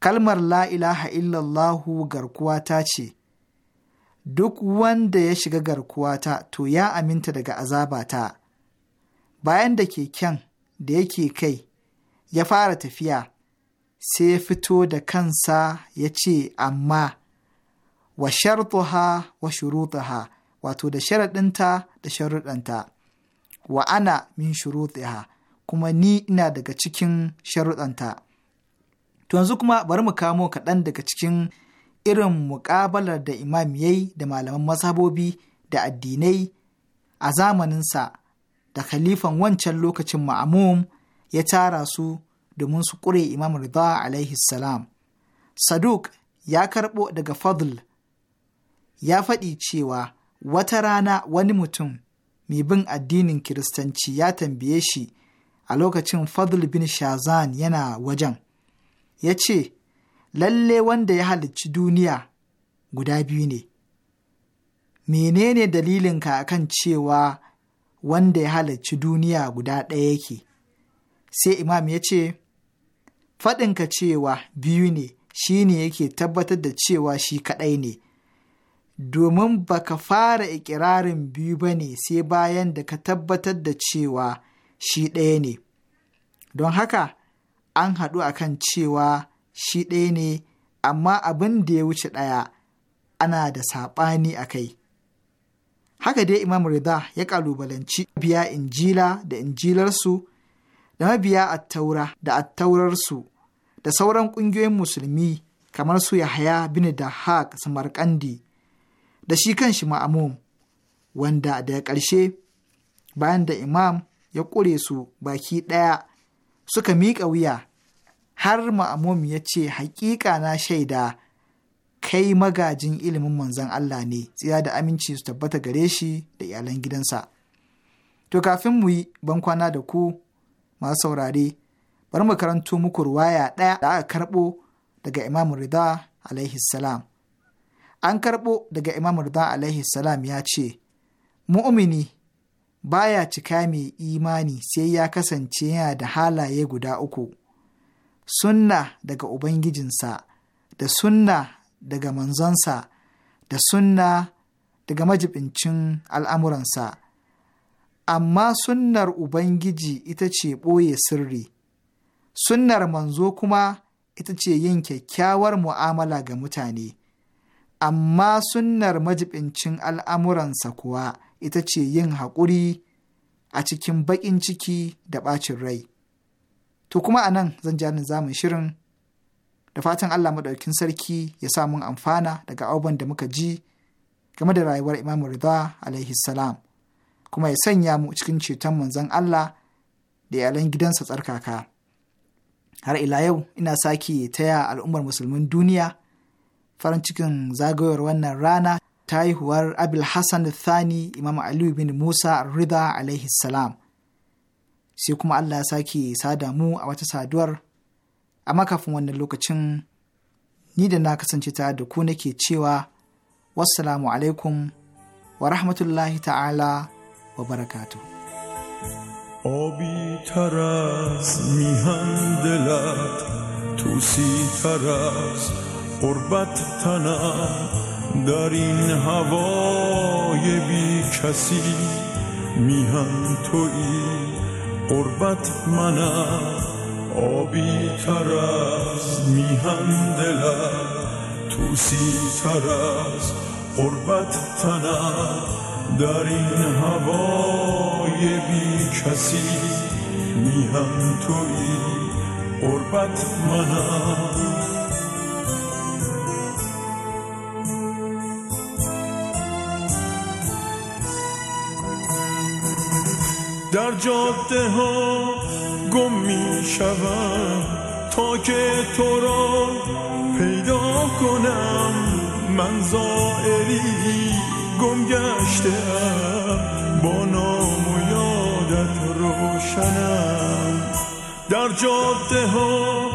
kalmar la ilaha illallahu ta ce duk wanda ya shiga garkuwa ta to ya aminta daga azabata bayan da keken da yake kai ya fara tafiya sai ya fito da kansa ya ce amma wa shartuha wa shurutaha wato da sharaɗinta da sharuɗanta wa ana min shurutiha kuma ni ina daga cikin sharuɗanta to yanzu kuma bari mu kamo kaɗan daga cikin irin muƙabalar da imam da malaman mazhabobi da addinai a zamaninsa da khalifan wancan lokacin ma'amum ya tara su domin su ƙure Imam Rida alaihi salam. Saduk ya karɓo daga Fadl ya faɗi cewa wata rana wani mutum mai bin addinin Kiristanci ya tambaye shi a lokacin Fadl bin Shazan yana wajen. Ya ce, Lalle wanda ya halicci duniya guda biyu ne, menene dalilinka akan cewa wanda ya halarci duniya guda ɗaya yake sai imam ya ce faɗinka cewa biyu ne shi ne yake tabbatar da cewa shi kaɗai ne domin ba ka fara ikirarin biyu ba ne sai bayan da ka tabbatar da cewa shi ɗaya ne don haka an haɗu akan cewa shi ɗaya ne amma abin da ya wuce ɗaya ana da saɓani a kai haka dai imam rida ya ƙalubalanci biya injila da injilarsu da mabiya attaura da attaurarsu da sauran ƙungiyoyin musulmi kamar su Yahaya bin Dahak Samarkandi da shi kan shi ma'amum wanda daga ƙarshe bayan da imam ya ƙure su baki ɗaya suka miƙa wuya har ma'amum ya ce haƙiƙa na shaida kai magajin ilimin manzon Allah ne tsira da aminci su tabbata gare shi da iyalan gidansa. To kafin mu yi bankwana da ku masu saurare bari mu karanto muku ruwaya ɗaya da aka karɓo daga Imam Rida alaihi salam. An karɓo daga Imam Rida alaihi salam ya ce, Mu'mini baya cika mai imani sai ya kasance yana da halaye guda uku, sunna daga Ubangijinsa, da sunna daga manzonsa, da sunna daga majibincin al'amuransa. Amma sunnar Ubangiji ita ce ɓoye sirri. sunnar manzo kuma ita ce yin kyakkyawar mu'amala ga mutane amma sunnar majibincin al'amuransa kuwa ita ce yin haƙuri a cikin baƙin ciki da ɓacin rai to kuma a nan zan ja zamun shirin da fatan Allah maɗaukin sarki ya sa mun amfana daga abubuwan da muka ji game da rayuwar Imam Rida alaihi salam kuma ya sanya mu cikin ceton manzon Allah da iyalan gidansa tsarkaka. har ila yau ina sake taya al'ummar musulmin duniya farin cikin zagayowar wannan rana ta haihuwar abil hassan thani imam aliyu bin musa rida alaihi salam sai kuma allah ya sake sada mu a wata saduwar a makafin wannan lokacin ni da na kasance ta da ku nake cewa wassalamu alaikum wa rahmatullahi ta'ala wa barakatuh آبی تر از میهن دلت توسی تر از قربت تنم در این هوای بی کسی میهن توی قربت منم آبی تر از میهن دلت توسی تر از قربت تنم در این هوای بی کسی هم توی قربت منم در جاده ها گم می شوم تا که تو را پیدا کنم من زائری گم گشتم با نام و یادت روشنم در جاده ها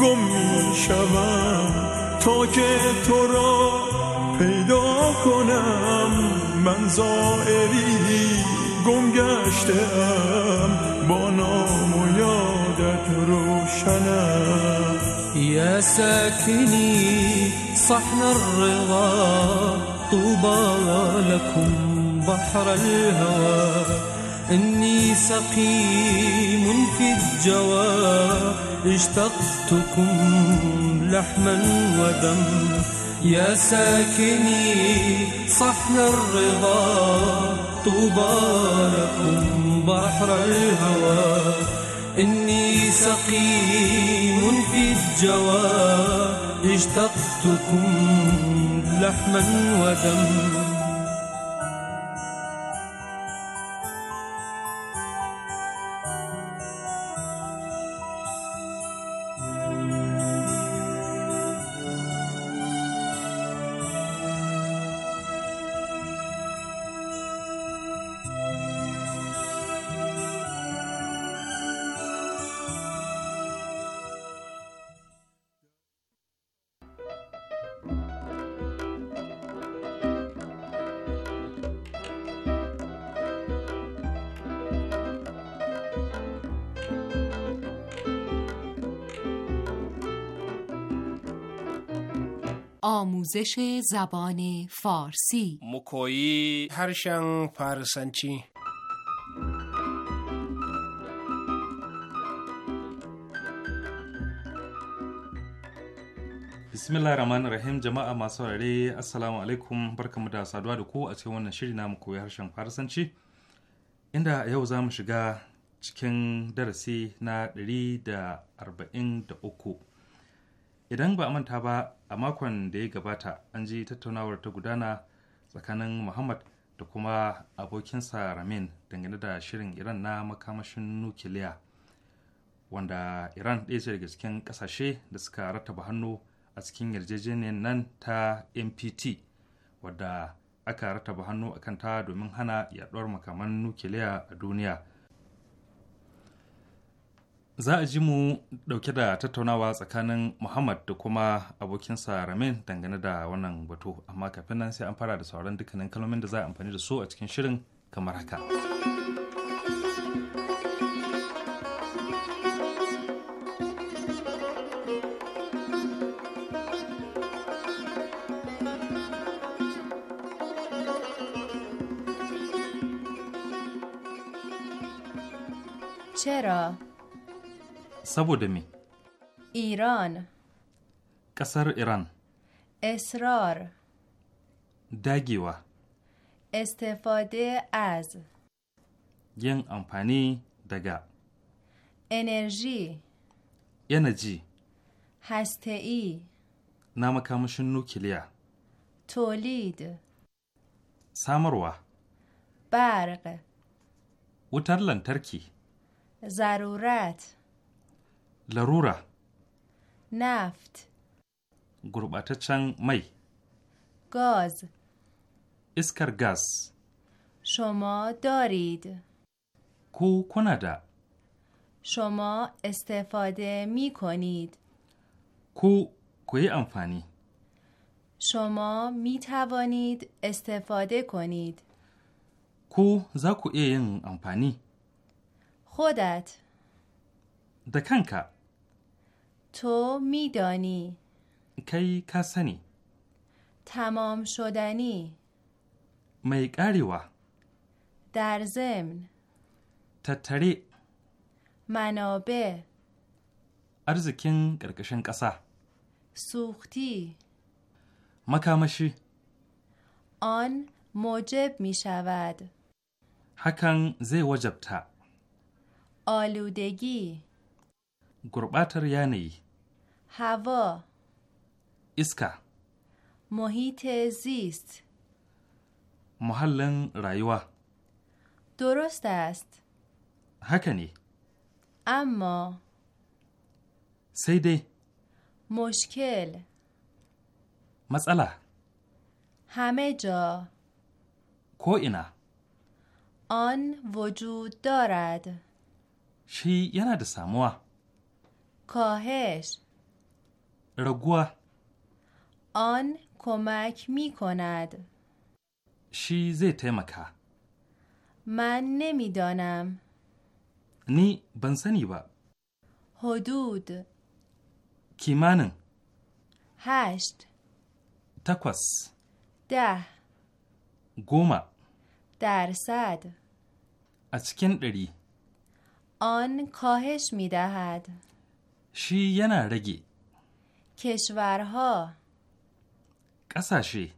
گم شوم تا که تو را پیدا کنم من زائری گم گشتم با نام و یادت روشنم یا ساکنی صحن الرضا طوبى لكم بحر الهوى إني سقيم في الجوى اشتقتكم لحما ودم يا ساكني صحن الرضا طوبى لكم بحر الهوى إني سقيم في الجوى اشتقتكم لحما ودم آموزش زبان فارسی مکویی هرشن فارسنچی bismillah rahman rahim jama'a masu saurare assalamu alaikum barkamu da saduwa da ku a cikin wannan shiri namu koyi harshen farisanci inda yau za mu shiga cikin darasi na ɗari da da arba'in uku. idan ba a manta ba a makon da ya gabata an ji tattaunawar ta gudana tsakanin muhammad da kuma abokinsa ramin dangane da shirin iran na makamashin nukiliya wanda iran ɗaya ce daga cikin ƙasashe da suka rattaba hannu a cikin yarjejeniyar nan ta mpt wadda aka rattaba hannu a kanta domin hana yaɗuwar makaman nukiliya a duniya za a ji mu dauke da tattaunawa tsakanin muhammad da kuma abokinsa ramin dangane da wannan batu amma kafin nan sai an fara da sauran dukkanin kalmomin da za a amfani da su a cikin shirin kamar haka چرا؟ saboda me? Iran. Ƙasar Iran. Esrar. Dagewa. Estefade az. Yin amfani daga. Energy. Yanaji. Hastai. Na makamashin nukiliya. Tolid. Samarwa. Barg. Wutar lantarki. Zarurat. لروره نفت چنگ مای گاز اسکر گاز شما دارید کو کنده شما استفاده می کنید کو کوی امفانی شما می توانید استفاده کنید کو زاکو این امفانی خودت دکانکا تو میدانی کی کسنی تمام شدنی می و در زمن تتری منابع ارزکین گرگشن قسا سوختی مکامشی آن موجب می شود حکن زی وجب آلودگی گرباتر یعنی هوا اسکا محیط زیست محل رایوا درست است هکنی اما سیده مشکل مسئله همه جا کوینا آن وجود دارد شی یه نده کاهش رگوه آن کمک می کند شی زی تیمکه من نمیدانم نی بنسنی با حدود کیمانن هشت تکوس ده گوما درصد اچکن دری آن کاهش می دهد شی ینا رگی کشورها کساشی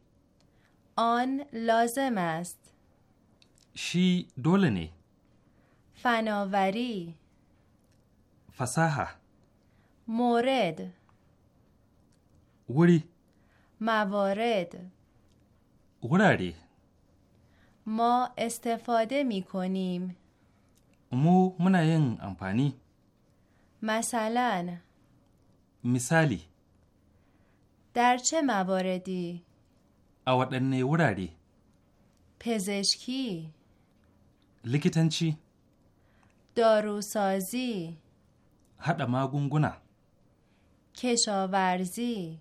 آن لازم است شی دولنی فناوری فساحه مورد وری موارد وراری ما استفاده می کنیم مو منعین امپانی مثلا مثالی در چه مواردی؟ اوادنه وراری پزشکی لکتنچی داروسازی حد گونگونا کشاورزی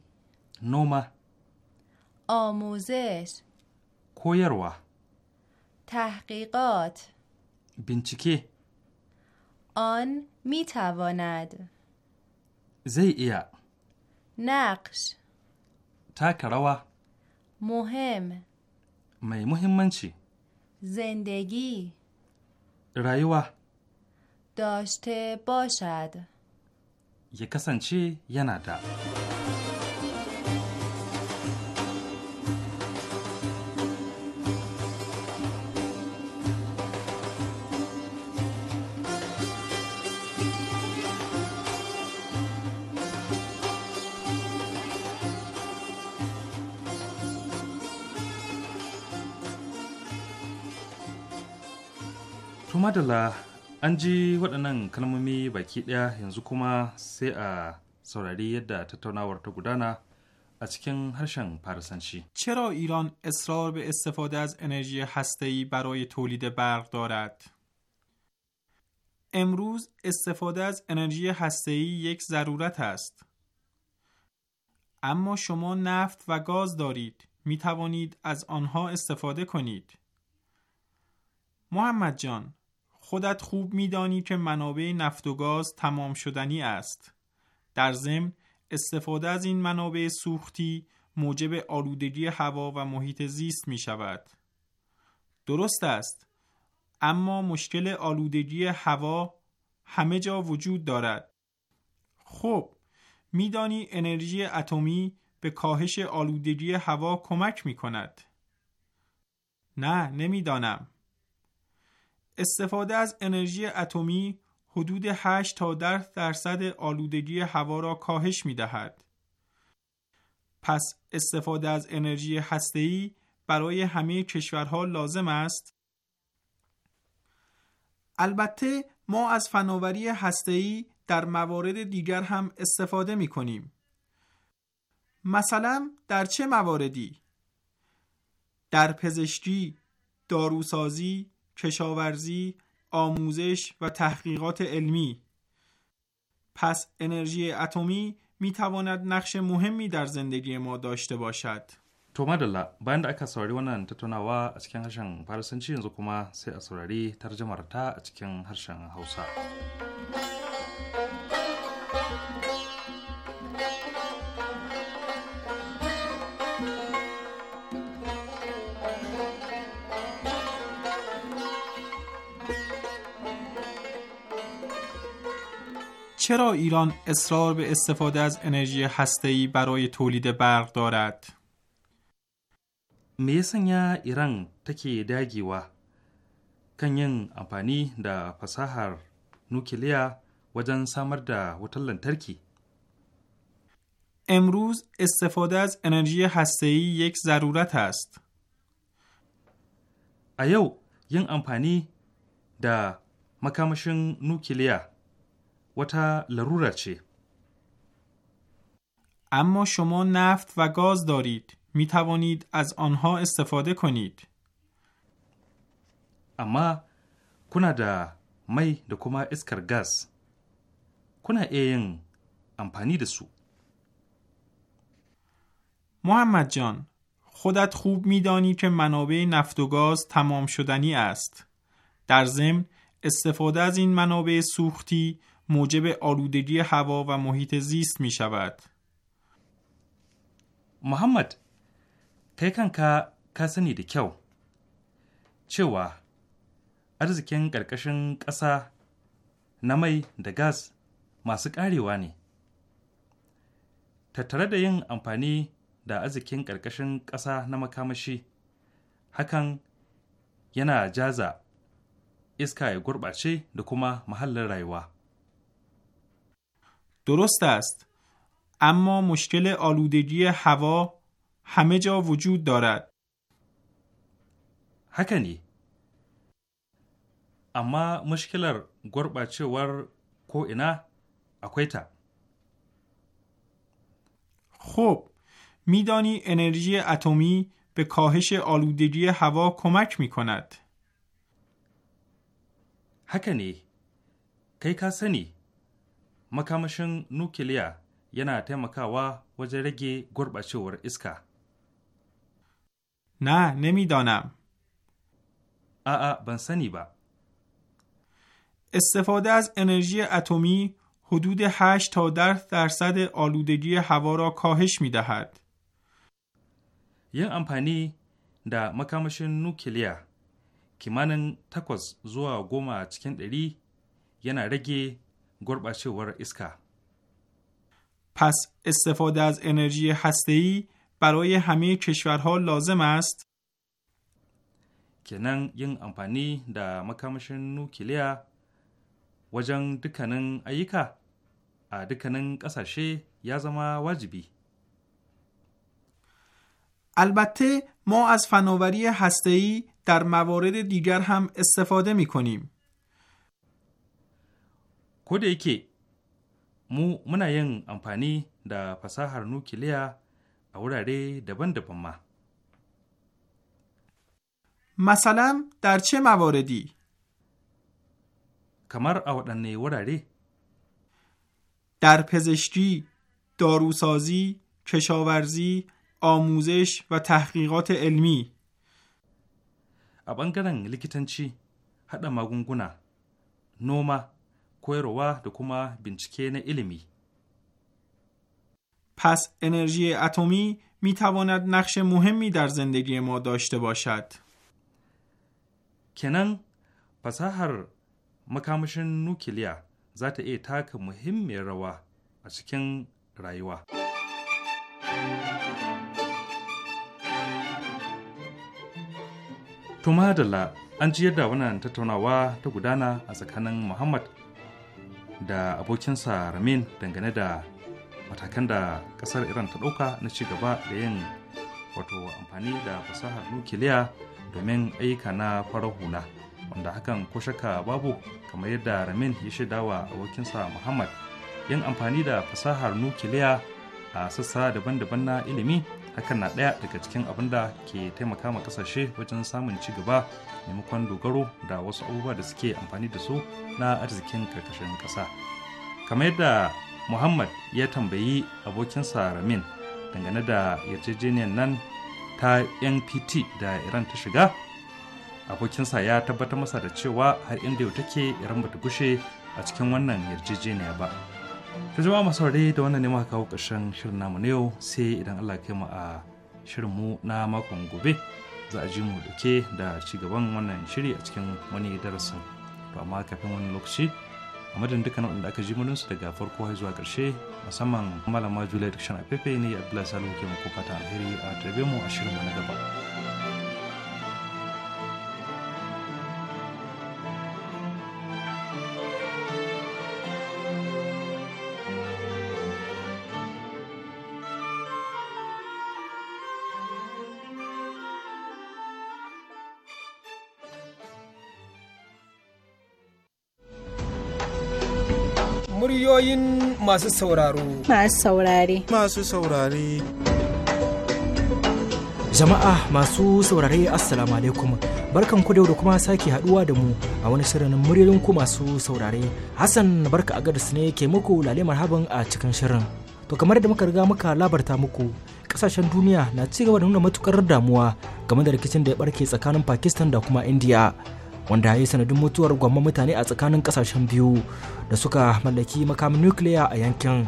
نوما آموزش کویروا تحقیقات بینچکی آن میتواند زی ایا نقش taka rawa muhim mai muhimmanci zindagi rayuwa doshte bashad. ya kasance yana da. To madala an ji waɗannan kalmomi baki ɗaya yanzu kuma sai a saurari yadda tattaunawar ta gudana چرا ایران اصرار به استفاده از انرژی هسته‌ای برای تولید برق دارد؟ امروز استفاده از انرژی هسته‌ای یک ضرورت است. اما شما نفت و گاز دارید. می توانید از آنها استفاده کنید. محمد جان، خودت خوب میدانی که منابع نفت و گاز تمام شدنی است. در ضمن استفاده از این منابع سوختی موجب آلودگی هوا و محیط زیست می شود. درست است. اما مشکل آلودگی هوا همه جا وجود دارد. خب میدانی انرژی اتمی به کاهش آلودگی هوا کمک می کند. نه نمیدانم. استفاده از انرژی اتمی حدود 8 تا 10 درصد آلودگی هوا را کاهش می دهد. پس استفاده از انرژی هسته‌ای برای همه کشورها لازم است. البته ما از فناوری هسته‌ای در موارد دیگر هم استفاده می کنیم. مثلا در چه مواردی؟ در پزشکی، داروسازی، کشاورزی، آموزش و تحقیقات علمی پس انرژی اتمی می تواند نقش مهمی در زندگی ما داشته باشد. To madalla bayan da aka saurari wannan tattaunawa a cikin harshen faransanci yanzu kuma sai a saurari tarjamar ta a cikin harshen Hausa. چرا ایران اصرار به استفاده از انرژی هسته‌ای برای تولید برق دارد؟ me ya sanya Iran take dagewa kan yin amfani da fasahar nukiliya wajen samar da wutar lantarki? امروز استفاده از انرژی هسته‌ای یک ضرورت است. a yau yin amfani da makamashin nukiliya لرورا چه اما شما نفت و گاز دارید می توانید از آنها استفاده کنید اما kuna د می د کوما اسکر امپانی محمد جان خودت خوب میدانی که منابع نفت و گاز تمام شدنی است در ضمن استفاده از این منابع سوختی موجب آلودگی هوا و محیط زیست می شود. محمد kai kanka ka sani da kyau cewa arzikin ƙarƙashin ƙasa na mai da gas masu ƙarewa ne tattare da yin amfani da arzikin ƙarƙashin ƙasa na makamashi hakan yana jaza iska ya gurɓace da kuma mahallin rayuwa درست است اما مشکل آلودگی هوا همه جا وجود دارد هکنی، اما مشکل mashkilar ور کو اینا خب میدانی انرژی اتمی به کاهش آلودگی هوا کمک می کند. هکنی کیکسنی؟ مشن نوکیا یه نته مکوا وجرگی گ بچه نه نمیدانم ا بنسنی به استفاده از انرژی اتمی حدود 8 تا در درصد آلودگی هوا را کاهش می دهد. یه امپانی در مکامشن نوکیا که من تک زو و گمچکنندی یه نر، گربچه‌ور اسکا پس استفاده از انرژی هسته‌ای برای همه کشورها لازم است kenan yin amfani da makamashin nukiliya wajen dukkanin ayyuka ا dukkanin ƙasashe یا zama واجبی. البته ما از فناوری هسته‌ای در موارد دیگر هم استفاده می‌کنیم. Ko da yake mu muna yin amfani da fasahar nukiliya a wurare daban-daban ma. Masalam dar ce mawaridi Kamar a waɗanne wurare? Dar pezeshki, darusazi, kashawarzi, آموزش و تحقیقات A bangaren likitanci haɗa magunguna, Noma. koyarwa da kuma bincike na ilimi. پس انرژی اتمی می تواند نقش مهمی در زندگی ما داشته باشد. کنن فساهر مکامش نوکلیا ذات ای تاک مهم روا از کن رایوا. Tuma da an ji yadda wannan tattaunawa ta gudana a tsakanin Muhammad da abokinsa ramin dangane da matakan da kasar iran ta dauka na ci gaba da yin wato amfani da fasahar nukiliya domin ayyuka na farar hula wanda hakan ko shakka babu kamar yadda ramin ya shaida wa abokinsa muhammad yin amfani da fasahar nukiliya a sassa daban-daban na ilimi hakan na ɗaya daga cikin abin da ke taimaka ma ƙasashe wajen samun ci gaba maimakon dogaro da wasu abubuwa da suke amfani da su na arzikin ƙarƙashin ƙasa kamar yadda muhammad ya tambayi abokinsa ramin dangane da yarjejeniyar nan ta npt da iran ta shiga abokinsa ya tabbatar masa da cewa har inda yau take iran bata gushe a cikin wannan yarjejeniya ba ta jama'a masu da wannan ne muka kawo ƙarshen shirin namu na yau sai idan Allah kai mu a shirin mu na makon gobe za a ji mu dauke da ci gaban wannan shiri a cikin wani darasin to amma kafin wani lokaci a madadin dukkan waɗanda aka ji su daga farko har zuwa ƙarshe musamman malama juliet duk shan afefe ne abdullahi salihu ke muku fata alheri a tarbe mu a shirin mu na gaba. ra'ayoyin masu sauraro. Masu saurare. Masu saurare. Jama'a masu saurare Assalamu alaikum. Barkan ku da kuma sake haduwa da mu a wani shirin muryoyin ku masu saurare. Hassan barka a gadis ne ke muku lale marhaban a cikin shirin. To kamar da muka riga muka labarta muku kasashen duniya na ci gaba da nuna matukar damuwa game da rikicin da ya barke tsakanin Pakistan da kuma India. wanda ya yi sanadin mutuwar gwamman mutane a tsakanin kasashen biyu da suka mallaki makamin nukiliya a yankin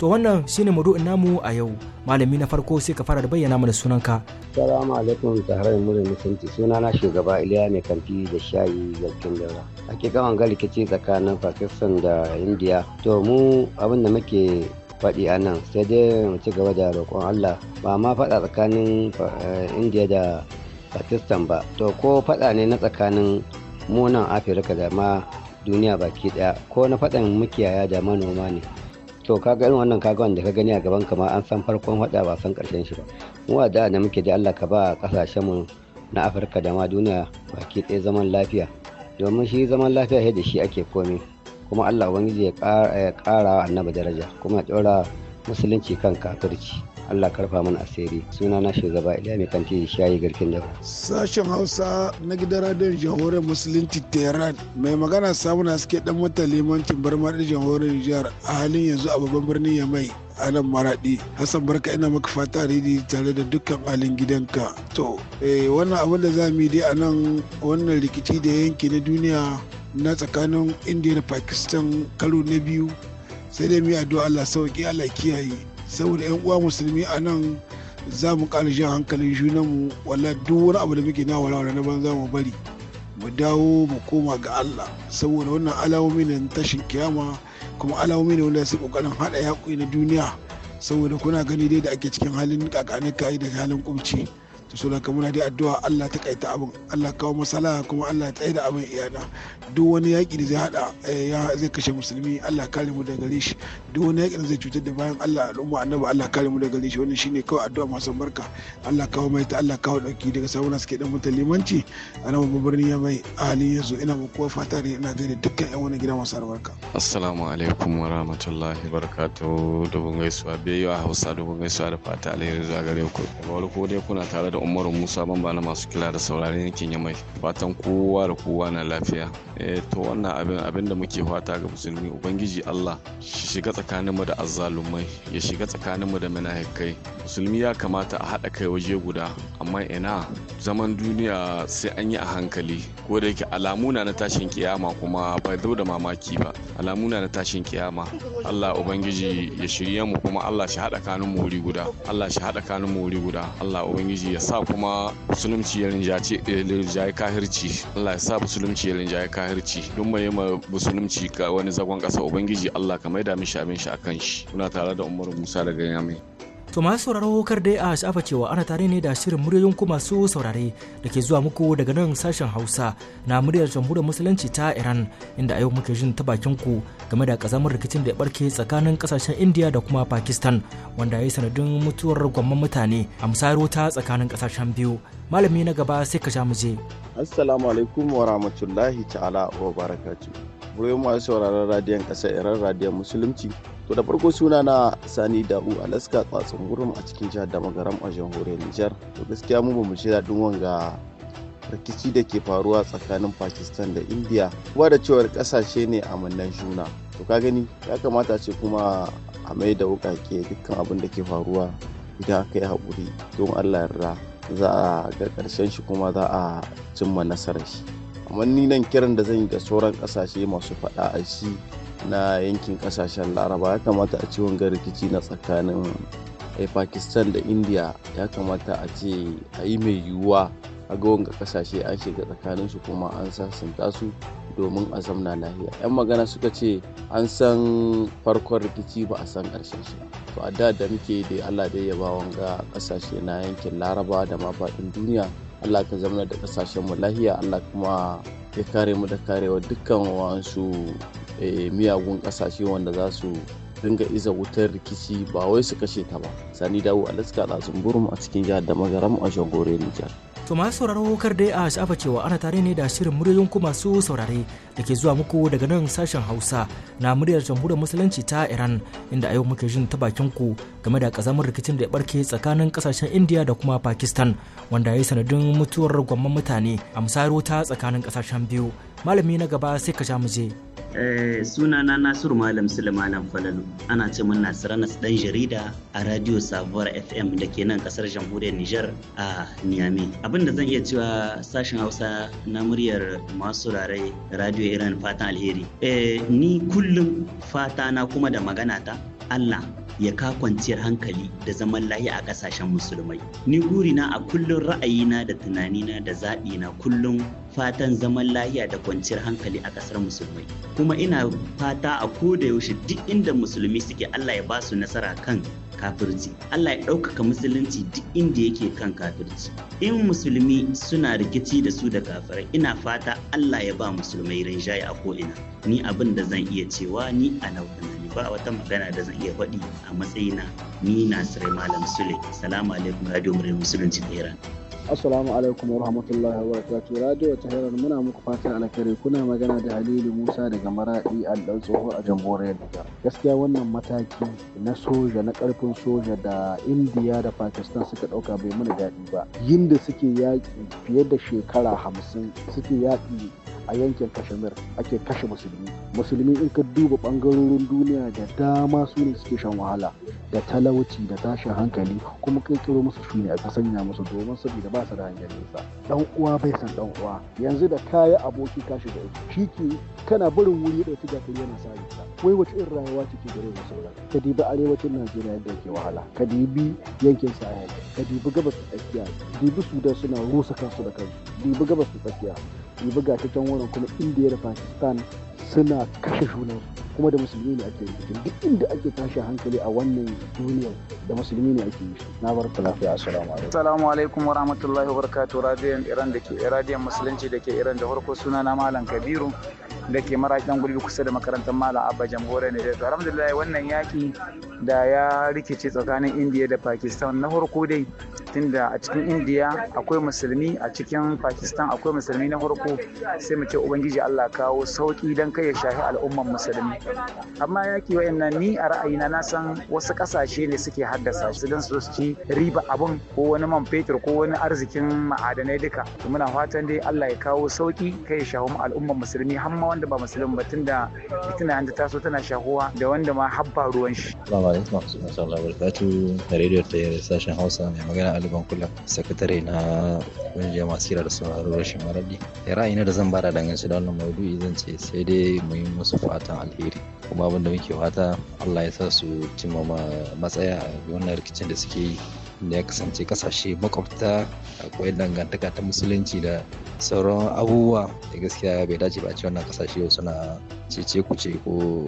to wannan shine maudu'in namu a yau malami na farko sai ka fara da bayyana mana sunanka salamu alaikum taharar murin mutunci suna na shugaba iliya mai kanti da shayi yankin daura hakika wanga rikici tsakanin pakistan da india to mu abin da muke faɗi a nan sai dai mu ci gaba da roƙon allah ba ma faɗa tsakanin eh, india da pakistan ba to ko faɗa ne na tsakanin mu nan afirka da ma duniya baki daya ko na faɗan makiyaya da manoma ne to kaga irin wannan kaga wanda ka gani a gaban kama an san farkon hada ba san karshen shi ba mu a da da muke da Allah ka ba kasashen mu na Afirka da ma duniya baki ɗaya zaman lafiya domin shi zaman lafiya da shi ake komi kuma Allah ubangiji ya ƙara wa annabi daraja kuma ya musulunci kan kafirci Allah karfa mana asiri suna na shugaba Iliya mai kanti shayi garkin jago sashen Hausa na gidan radiyon jamhuriyar musulunci Tehran mai magana samuna suke dan mata limancin barma da jamhuriyar Nijar a halin yanzu a babban birnin Yamai a nan maraɗi hassan barka ina maka fata ridi tare da dukkan alin gidanka to eh, wannan abin da za mu yi dai a nan wannan rikici da yanki na duniya na tsakanin indiya da pakistan karo na biyu sai dai mu yi addu'a allah sauki allah kiyaye saboda yan uwa musulmi a nan za mu ƙara jan hankalin junanmu wala duk wani abu da muke na walawala na banza mu bari mu dawo mu koma ga Allah saboda wannan alawomi ne tashin kiyama kuma alamomi ne wanda su kokarin hada yaƙi na duniya saboda kuna gani dai da ake cikin halin kakanin kai da halin kumci. to sunan ka muna dai addu'a Allah ta kaita abin Allah kawo masala kuma Allah tsaye da abin iyana duk wani yaƙi da zai hada eh, ya zai kashe musulmi Allah kare mu daga gare shi duk wani yaƙi da zai cutar da bayan Allah al'umma annabi Allah kare mu daga gare shi wannan shine kawai addu'a masu barka Allah kawo mai ta Allah kawo dauki daga sabon suke dan mutan limanci a nan birni ya mai ahli yanzu ina mu kowa fata ne ina gaida dukkan yan wani gidan masu barka assalamu alaikum wa rahmatullahi wa barakatuh dubun gaisuwa biyu a Hausa dubun gaisuwa da fata alheri zuwa gare ku ko dai kuna tare da da umaru musa bamba na masu kila da saurare yankin mai, fatan kowa da kowa na lafiya eh to wannan abin abin da muke fata ga musulmi ubangiji allah shi shiga mu da azzalumai ya shiga tsakanin mu da munafikai musulmi ya kamata a haɗa kai waje guda amma ina zaman duniya sai an yi a hankali ko da yake alamu na na tashin kiyama kuma bai zo da mamaki ba alamu na na tashin kiyama allah ubangiji ya shirye mu kuma allah shi haɗa kanin mu wuri guda allah shi haɗa kanin mu wuri guda allah ubangiji ya sa kuma musulunci ya rinjaye kahirci Allah ya sa musulunci ya rinjaye kahirci duk mai ma musulunci ga wani zagon ƙasa ubangiji Allah ka maida mishi abin shi akan shi muna tare da umar Musa daga Yamai To masu sauraro kar dai a shafa cewa ana tare ne da shirin muryoyin ku masu saurare da ke zuwa muku daga nan sashen Hausa na muryar jamhuriyar musulunci ta Iran inda a yau muke jin ta bakin ku game da kazamar rikicin da ya barke tsakanin kasashen India da kuma Pakistan wanda ya yi sanadin mutuwar gwamman mutane a musayar wuta tsakanin kasashen biyu. Malami na gaba sai ka sha mu je. Assalamu alaikum wa rahmatullahi ta'ala wa barakatuh. muryoyin masu sauraron radiyon kasa iran radiyon musulunci to da farko suna na sani u alaska tsatsun gurum a cikin jihar da magaram a jamhuriyar nijar to gaskiya mu bamu shi daɗin wanga rikici da ke faruwa tsakanin pakistan da india kuma da cewar kasashe ne a mannan juna to ka gani ya kamata ce kuma a mai da wukake dukkan abin da ke faruwa idan aka yi haƙuri don allah yarda za a ga karshen shi kuma za a cimma nasarar shi kamar ni nan kiran da zan yi ga sauran kasashe masu faɗa a shi na yankin kasashen laraba ya kamata a ce wanga rikici na tsakanin eh, pakistan da india ya kamata a ce a yi mai yiwuwa a ga wanga kasashe an shiga tsakanin su kuma an sassanta su domin a zamna lahiya yan magana suka ce an san farkon rikici ba a san ƙarshen shi to a da da muke da allah da ya ba wanga kasashe na yankin laraba da ma faɗin duniya Allah ka zama da kasashen mu lahiya Allah kuma ya kare mu da karewa dukkan wasu eh, miyagun kasashe wanda za su dinga iza wutar rikici ba wai su kashe ta ba sani dawo alaska tsatsun a cikin jihar da magaram a shagore nijar To masu sauraro kar dai a shafa cewa ana tare ne da shirin muryoyin ku masu saurare da ke zuwa muku daga nan sashen Hausa na muryar jamhuriyar musulunci ta Iran inda a yau muke jin ta bakin ku game da kazamar rikicin da ya barke tsakanin kasashen India da kuma Pakistan wanda ya yi sanadin mutuwar gwamman mutane a musayar wuta tsakanin kasashen biyu. Malami na gaba sai ka sha mu je. Eh, sunana nasiru malam sule malam falalu ana ce mun min nasiranas dan jarida a radio sabuwar fm da ke nan kasar jamhuriyar nijar a niamey da zan iya cewa sashen hausa na muryar masu rarai radio iran fatan alheri eh, ni kullum fata na kuma da magana ta Allah ya ka kwanciyar hankali da zaman lahiya a ƙasashen musulmai. Ni gurina a kullum ra'ayina da tunanina da zaɓina kullum fatan zaman lahiya da kwanciyar hankali a ƙasar musulmai. Kuma ina fata a koda yaushe duk inda musulmi suke Allah ya ba su nasara kan kafirci Allah ya ɗaukaka musulunci duk inda yake kan kafirci in musulmi suna rikici da su da kafirai ina fata Allah ya ba musulmai rinjaye a ko'ina ni abin da zan iya cewa ni a nau'ina ba wata magana da zan iya faɗi a matsayina ni nasirai malam sule salamu alaikum radio musulunci da iran Assalamu alaikum warahmatullahi wabarakatuh. wa barakatuh. Radio muna muku fatan alkhairi kuna magana da Halilu Musa daga Maradi ɗan Tsoho a Jamhuriyar Nijar. Gaskiya wannan mataki na soja na karfin soja da Indiya da Pakistan suka dauka bai mana daɗi ba. Yinda suke yaƙi fiye da shekara hamsin suke yaƙi a yankin kashmir ake kashe musulmi musulmi in ka duba bangarorin duniya da dama su ne suke shan wahala da talauci da tashin hankali kuma kirkiro musu shi ne aka sanya musu domin saboda ba su da hanyar nisa dan uwa bai san dan uwa yanzu da kayi aboki ka shiga shi ke kana barin wuri da tiga kare yana sa ita wai wace irin rayuwa take gare mu sauran ka dibi arewacin Najeriya yadda yake wahala ka dibi yankin Sahel ka dibi gabas tsakiya dibi Sudan suna rusa kansu da kansu dibi gabas tsakiya ya buga ta can wurin kuma indiya da pakistan suna kashe junansu kuma da musulmi ne ake yi duk inda ake tashi hankali a wannan duniyar da musulmi ne ake yi na bar ku lafiya assalamu alaikum assalamu alaikum wa rahmatullahi wa barakatuh radiyon iran da ke musulunci da ke iran da farko suna na malam kabiru da ke marakin gulbi kusa da makarantar malam abba jamhuriyar nijar to alhamdulillah wannan yaki da ya rikice tsakanin indiya da pakistan na farko dai tunda a cikin indiya akwai musulmi a cikin pakistan akwai musulmi na farko sai mu ce ubangiji allah kawo sauki dan kai ya shafi al'umman musulmi amma yaki nan, ni a ra'ayina na san wasu kasashe ne suke haddasa su don su ci riba abun ko wani man fetur ko wani arzikin ma'adanai duka to muna fatan dai Allah ya kawo sauki kai shahu al'ummar musulmi har ma wanda ba musulmi ba tunda fitina an ta tana shahuwa da wanda ma habba ruwan shi assalamu alaikum warahmatullahi wabarakatuh da radio ta sashen Hausa mai magana Ali Bankula sakatare na kungiyar masu kira da sauraro rashin maradi ra'ayina da zan bada dangance da wannan maudu'i zan ce sai dai mu yi fatan alheri kuma abin da muke fata allah ya sa su cimma matsaya a wannan rikicin da suke yi da ya kasance kasashe makwabta akwai dangantaka ta musulunci da sauran abubuwa da gaskiya bai dace ba a ce wannan kasashe suna cece ku ce ko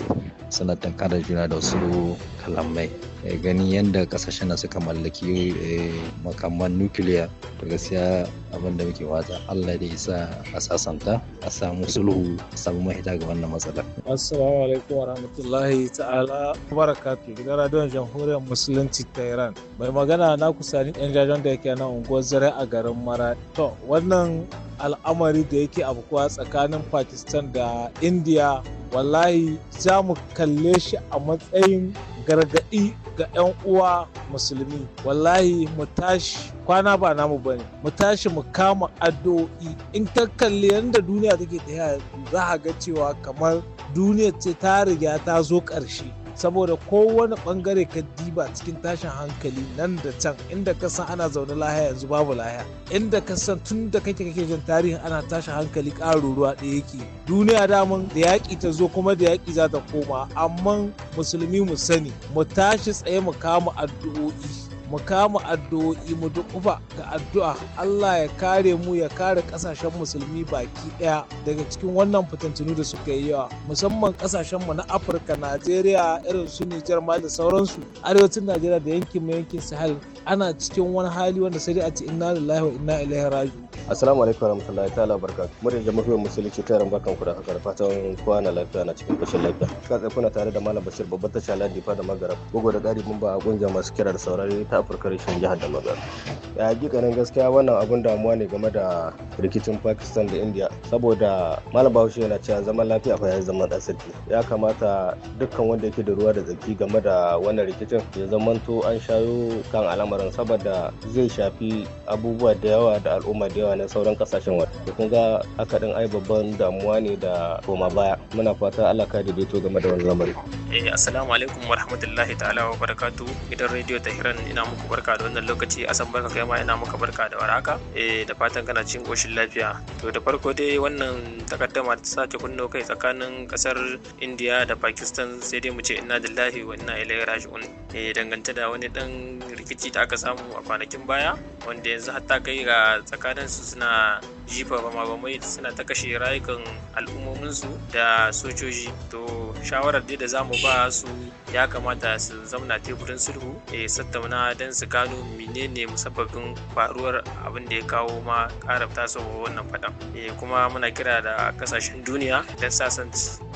sanatan kada juna da wasu kalamai eh, ganin yadda kasashen na suka mallaki eh, makamman nukiliya da gaskiya abin da muke wata. allah da isa a sasanta a samu sulhu a samu mahita ga wannan matsalar assalamu alaikum wa rahmatullahi ta'ala barakatu gidan radiyon jamhuriyar musulunci ta iran mai magana na kusani yan jajon da yake nan unguwar zare a garin mara to wannan al'amari da yake abukuwa tsakanin pakistan da india wallahi za mu kalle shi a matsayin gargaɗi ga 'yan uwa musulmi wallahi mu tashi kwana ba namu ba ne mu tashi mu kama addu'o'i in ka kalli yadda duniya take ta za a ga cewa kamar duniya ce ta riga ta zo ƙarshe saboda kowane bangare ka diba cikin tashin hankali nan da can inda ka san ana zaune lahiya yanzu babu lahiya inda ka san tun da kake kake jin tarihi ana tashin hankali karuruwa ruwa ɗaya yake duniya daman da yaƙi ta zo kuma da yaƙi za ta koma amma musulmi mu sani mu tashi tsaye mu kama addu'o'i mu kama addu'o'i mu dukufa ga addu'a Allah ya kare mu ya kare kasashen musulmi baki daya daga cikin wannan fitantunu da suka yi yawa musamman kasashen mu na Afirka Najeriya irin su Nijar ma da sauransu arewacin Najeriya da yankin mu yankin Sahel ana cikin wani hali wanda sai dai a ci inna lillahi wa inna ilaihi raji'un assalamu alaikum warahmatullahi ta'ala barkatu muryar jamhuriyar musulunci ta yaran barkan ku haka da fatan kwana lafiya na cikin kashin lafiya ka tsaye kuna tare da malam bashir babbar tasha ladi fa da magarab bugu da ƙari ba a gunja masu kirar saurari ta afirka rashin jihar da magarab ya hakikanin gaskiya wannan abun damuwa ne game da rikicin pakistan da india saboda malam bahaushe yana cewa zaman lafiya fa ya zama asirki ya kamata dukkan wanda yake da ruwa da tsaki game da wannan rikicin ya zamanto an shayo kan alamar sauran saboda zai shafi abubuwa da yawa da al'umma da yawa na sauran kasashen waje to kun ga aka din ai babban damuwa ne da koma baya muna fata Allah ka daito game da wannan lamari. eh assalamu alaikum warahmatullahi ta'ala wa barakatuh gidan radio Tehran ina muku barka da wannan lokaci asan barka kai ma ina muku barka da waraka. eh da fatan kana cikin koshin lafiya to da farko dai wannan takaddama ta sake kunno kai tsakanin kasar India da Pakistan sai dai mu ce inna lillahi wa inna ilaihi raji'un eh dangantaka da wani dan rikici aka samu a kwanakin baya wanda yanzu hatta kai ga tsakaninsu suna jifa ba mai suna ta kashe rayukan al'ummominsu da sojoji to shawarar dai da za mu ba su ya kamata su zamna teburin sulhu e eh, sattauna don su gano menene musabbabin faruwar abin da ya kawo ma ta su wannan fadan e eh, kuma muna kira da kasashen duniya don sasan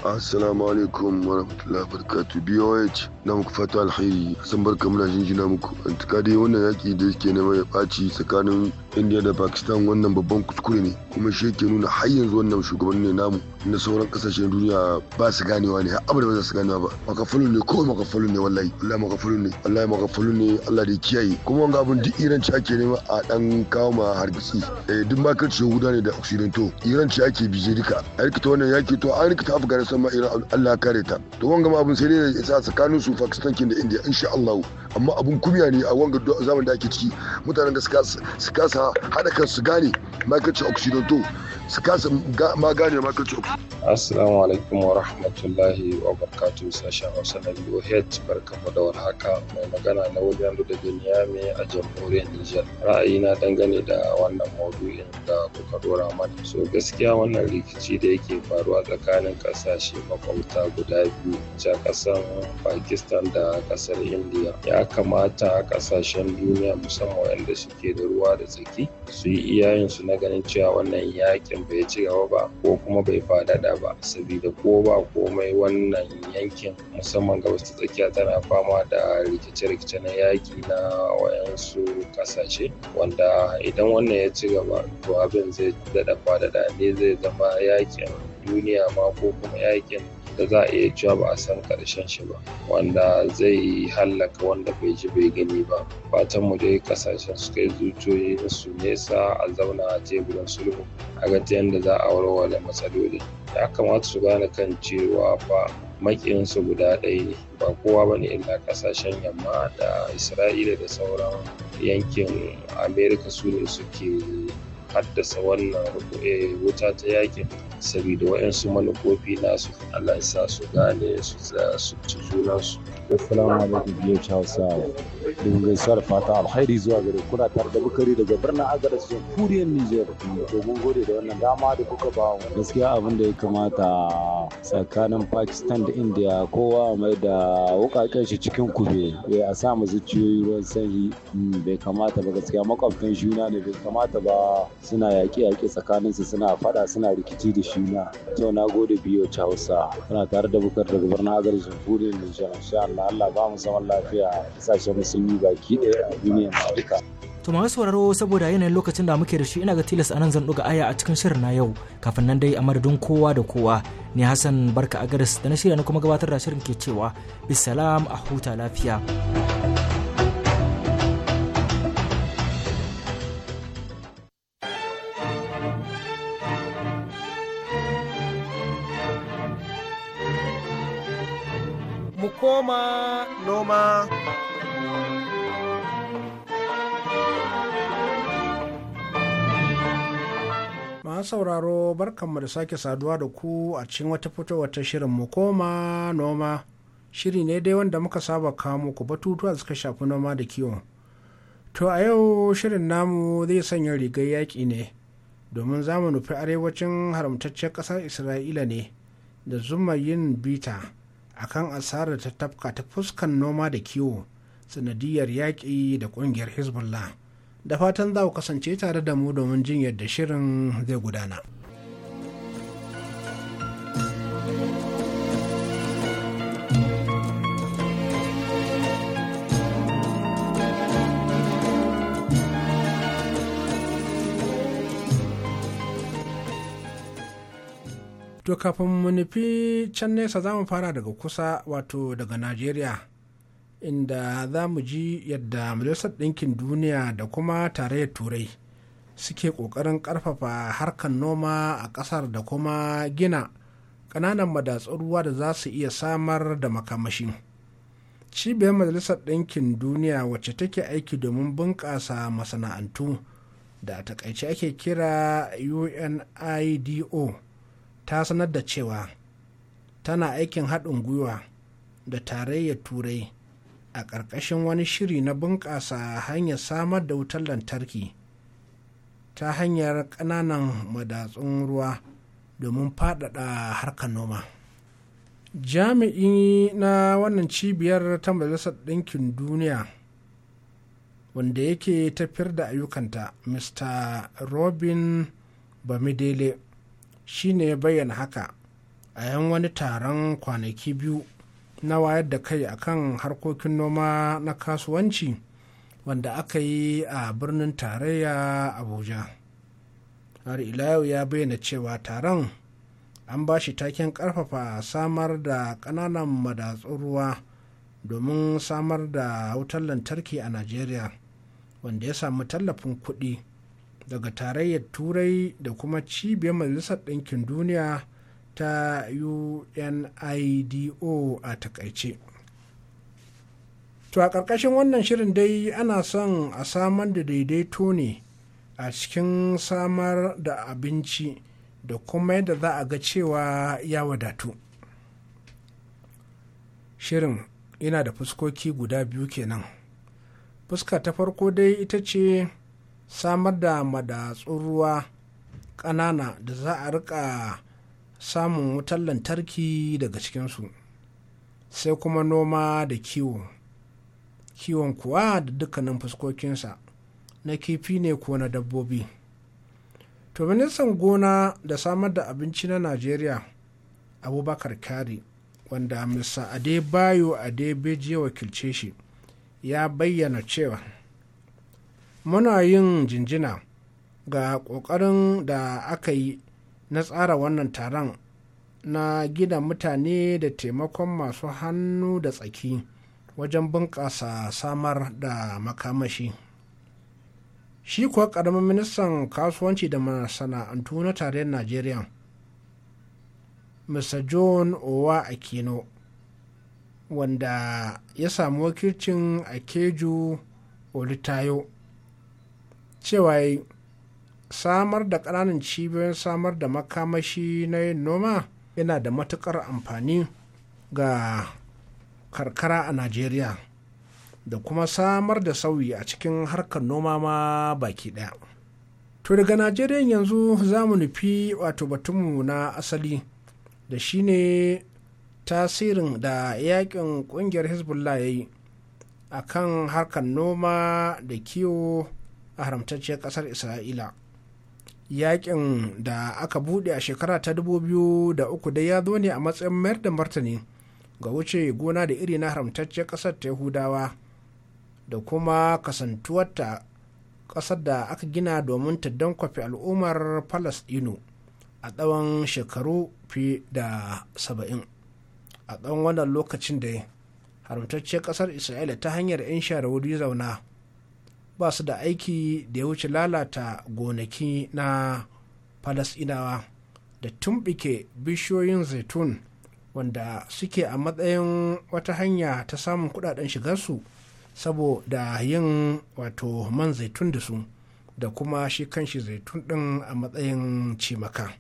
assalamu alaikum wa wabarakatuh boh na muku fata alheri san barka muna jinjina muku antika dai wannan yaki da yake neman ya ɓaci tsakanin india da pakistan wannan babban kuskure ne kuma shi yake nuna har yanzu wannan shugaban ne namu na sauran kasashen duniya ba su ganewa ne abu da ba za su ganewa ba makafalun ne kowai makafalun ne wallahi Allah makafalun ne Allah makafalun ne Allah da kiyaye kuma wanga abun duk iran ci ake nema a dan kawo ma hargitsi eh duk ma kan ciwo guda ne da occidental iran ci ake bije duka a rikita wannan yaki to an rikita afghanistan ma iran Allah ya kare ta to wanga ma abun sai ne ya sa tsakanin su pakistan kin da india insha Allah amma abun kumiya ne a wanga zaman da ake ciki mutanen da suka suka hada su gane ma kan ciwo occidentaux su kasa ma gane assalamu alaikum wa rahmatullahi wa barakatuh sashen hausa na BOH barkamu da haka mai magana na wajen da Beniyame a jamhuriyar Nijar ra'ayina dangane da wannan maudu'in da kuka dora mana so gaskiya wannan rikici da yake faruwa tsakanin kasashe makwabta guda biyu ta kasan Pakistan da kasar India ya kamata kasashen duniya musamman wanda suke da ruwa da tsaki su yi iyayensu na ganin cewa cewa wannan yakin bai ci gaba ba ko kuma bai faɗaɗa ba saboda ko ba komai wannan yankin musamman gabas ta tsakiya tana fama da rikice-rikice na yaki na wayansu kasashe. wanda idan wannan ya ci gaba to abin zai daɗa faɗaɗa ne zai zama yakin duniya ma ko kuma yakin da za a iya cewa ba a san ƙarshen shi ba wanda zai hallaka wanda bai ji bai gani ba fatan mu dai kasashen su kai zuciyoyi da su nesa a zauna a teburin sulhu a ga yadda za a warware matsaloli ya kamata su gane kan cewa ba maƙiyinsu guda ɗaya ne ba kowa ba ne illa ƙasashen yamma da isra'ila da sauran yankin amerika su ne suke haddasa wannan eh, wuta ta yakin saboda wayansu manufofi nasu Allah sa su gane su su ci su." Assalamu alaikum biyu Hausa. Dun gaisuwa da fata alkhairi zuwa gare kuna tare da Bukari daga birnin Agadas Jamhuriyar Nijar. To mun gode da wannan dama da kuka ba mu. Gaskiya abin da ya kamata tsakanin Pakistan da India kowa mai da wukaken shi cikin kube eh, a sa mu zuciyoyi ruwan sanyi hmm, bai kamata ba gaskiya makwabtan juna ne bai kamata ba suna yaƙe-yaƙe tsakaninsu suna faɗa suna rikici da shi na to na gode biyo ta hausa muna tare da bukar da gwamnan agar jamhuriyar nijar insha allah allah ba mu zaman lafiya kasashen musulmi baki ɗaya a duniya duka To masu sauraro saboda yanayin lokacin da muke da shi ina ga tilas anan zan ɗuga aya a cikin shirin na yau kafin nan dai a madadin kowa da kowa ne Hassan Barka Agaris da na shirya na kuma gabatar da shirin ke cewa bisalam a huta lafiya. Noma noma. sauraro barkanmu da sake saduwa da ku a cikin wata fitowar ta shirin mu koma noma shiri ne dai wanda muka saba kamo ku batutuwa suka shafi noma da kiwo to a yau shirin namu zai sanya rigar yaƙi ne domin za nufi arewacin haramtaccen ƙasar isra'ila ne da zuma yin bita akan asarar ta tafka ta fuskan noma da kiwo sanadiyar yaƙi da ƙungiyar hezbollah da fatan za ku kasance tare da mu domin jin yadda shirin zai gudana. to kafin mu nufi can nesa za mu fara daga kusa wato daga najeriya inda za mu ji yadda majalisar ɗinkin duniya da kuma tarayyar turai suke ƙoƙarin ƙarfafa harkar noma a ƙasar da kuma gina ƙananan madatsun ruwa da za su iya samar da makamashi cibiyar majalisar ɗinkin duniya wacce take aiki domin bunƙasa masana'antu da a takaice ake kira unido ta sanar da cewa tana aikin haɗin gwiwa da tarayyar turai a ƙarƙashin wani shiri na bunƙasa hanyar samar da wutar lantarki ta hanyar ƙananan madatsun ruwa domin faɗaɗa harkar noma jami'i na wannan cibiyar ta majalisar ɗinkin duniya wanda yake tafiyar da ayyukanta mr robin bamidele shine ya bayyana haka a yan wani taron kwanaki biyu na wayar da kai akan harkokin noma na kasuwanci wanda aka yi a birnin tarayya abuja har ila ya bayyana cewa taron an ba shi taken karfafa samar da kananan madatsun ruwa domin samar da wutar lantarki a najeriya wanda ya samu tallafin kuɗi daga tarayyar turai da kuma cibiyar majalisar ɗinkin duniya ta unido a takaice to a ƙarƙashin wannan shirin dai ana son a samar da daidaito ne a cikin samar da abinci da kuma yadda za a ga cewa ya wadatu shirin yana da fuskoki guda biyu kenan fuska ta farko dai ita ce samar da madatsun ruwa ƙanana da za a rika samun wutar lantarki daga cikinsu sai kuma noma da kiwo kiwon kuwa da dukkanin fuskokinsa na kifi ne ko na dabbobi to ministan gona da samar da abinci na najeriya abubakar kari wanda mr adebayo adebeji ya wakilce shi ya bayyana cewa muna yin jinjina ga ƙoƙarin da aka yi na tsara wannan taron na gina mutane da taimakon masu hannu da tsaki wajen bunƙasa samar da makamashi shi kuwa ƙaramin ministan kasuwanci da masana'antu na tarayyar najeriya mr john owa akino wanda ya samu wakilcin akeju olitayo cewa samar da ƙananan cibiyoyin samar da makamashi na yin noma yana da matuƙar amfani ga karkara a najeriya da kuma samar da sauyi a cikin harkar noma ma baki ɗaya to daga najeriya yanzu za mu nufi wato batunmu na asali da shine tasirin da yakin ƙungiyar hezbollah ya yi a kan harkar noma da kiwo a haramtacciyar ƙasar isra'ila yakin da aka bude a shekara ta dubu biyu da uku dai ya zo ne a matsayin mayar da martani ga wuce gona da iri na haramtacciyar ƙasar ta yahudawa da kuma kasantuwarta ƙasar da aka gina domin ta kwafi al'ummar palestino a tsawon shekaru fi da saba'in a tsawon wannan lokacin da haramtacciyar ƙasar isra'ila ta hanyar 'yan shara wuri zauna ba su da aiki da ya wuce lalata gonaki na falasinawa da tumbike bishiyoyin zaitun wanda suke a matsayin wata hanya ta samun kudaden shigarsu saboda yin wato man zaitun da su da kuma shi kanshi zaitun din a matsayin cimaka.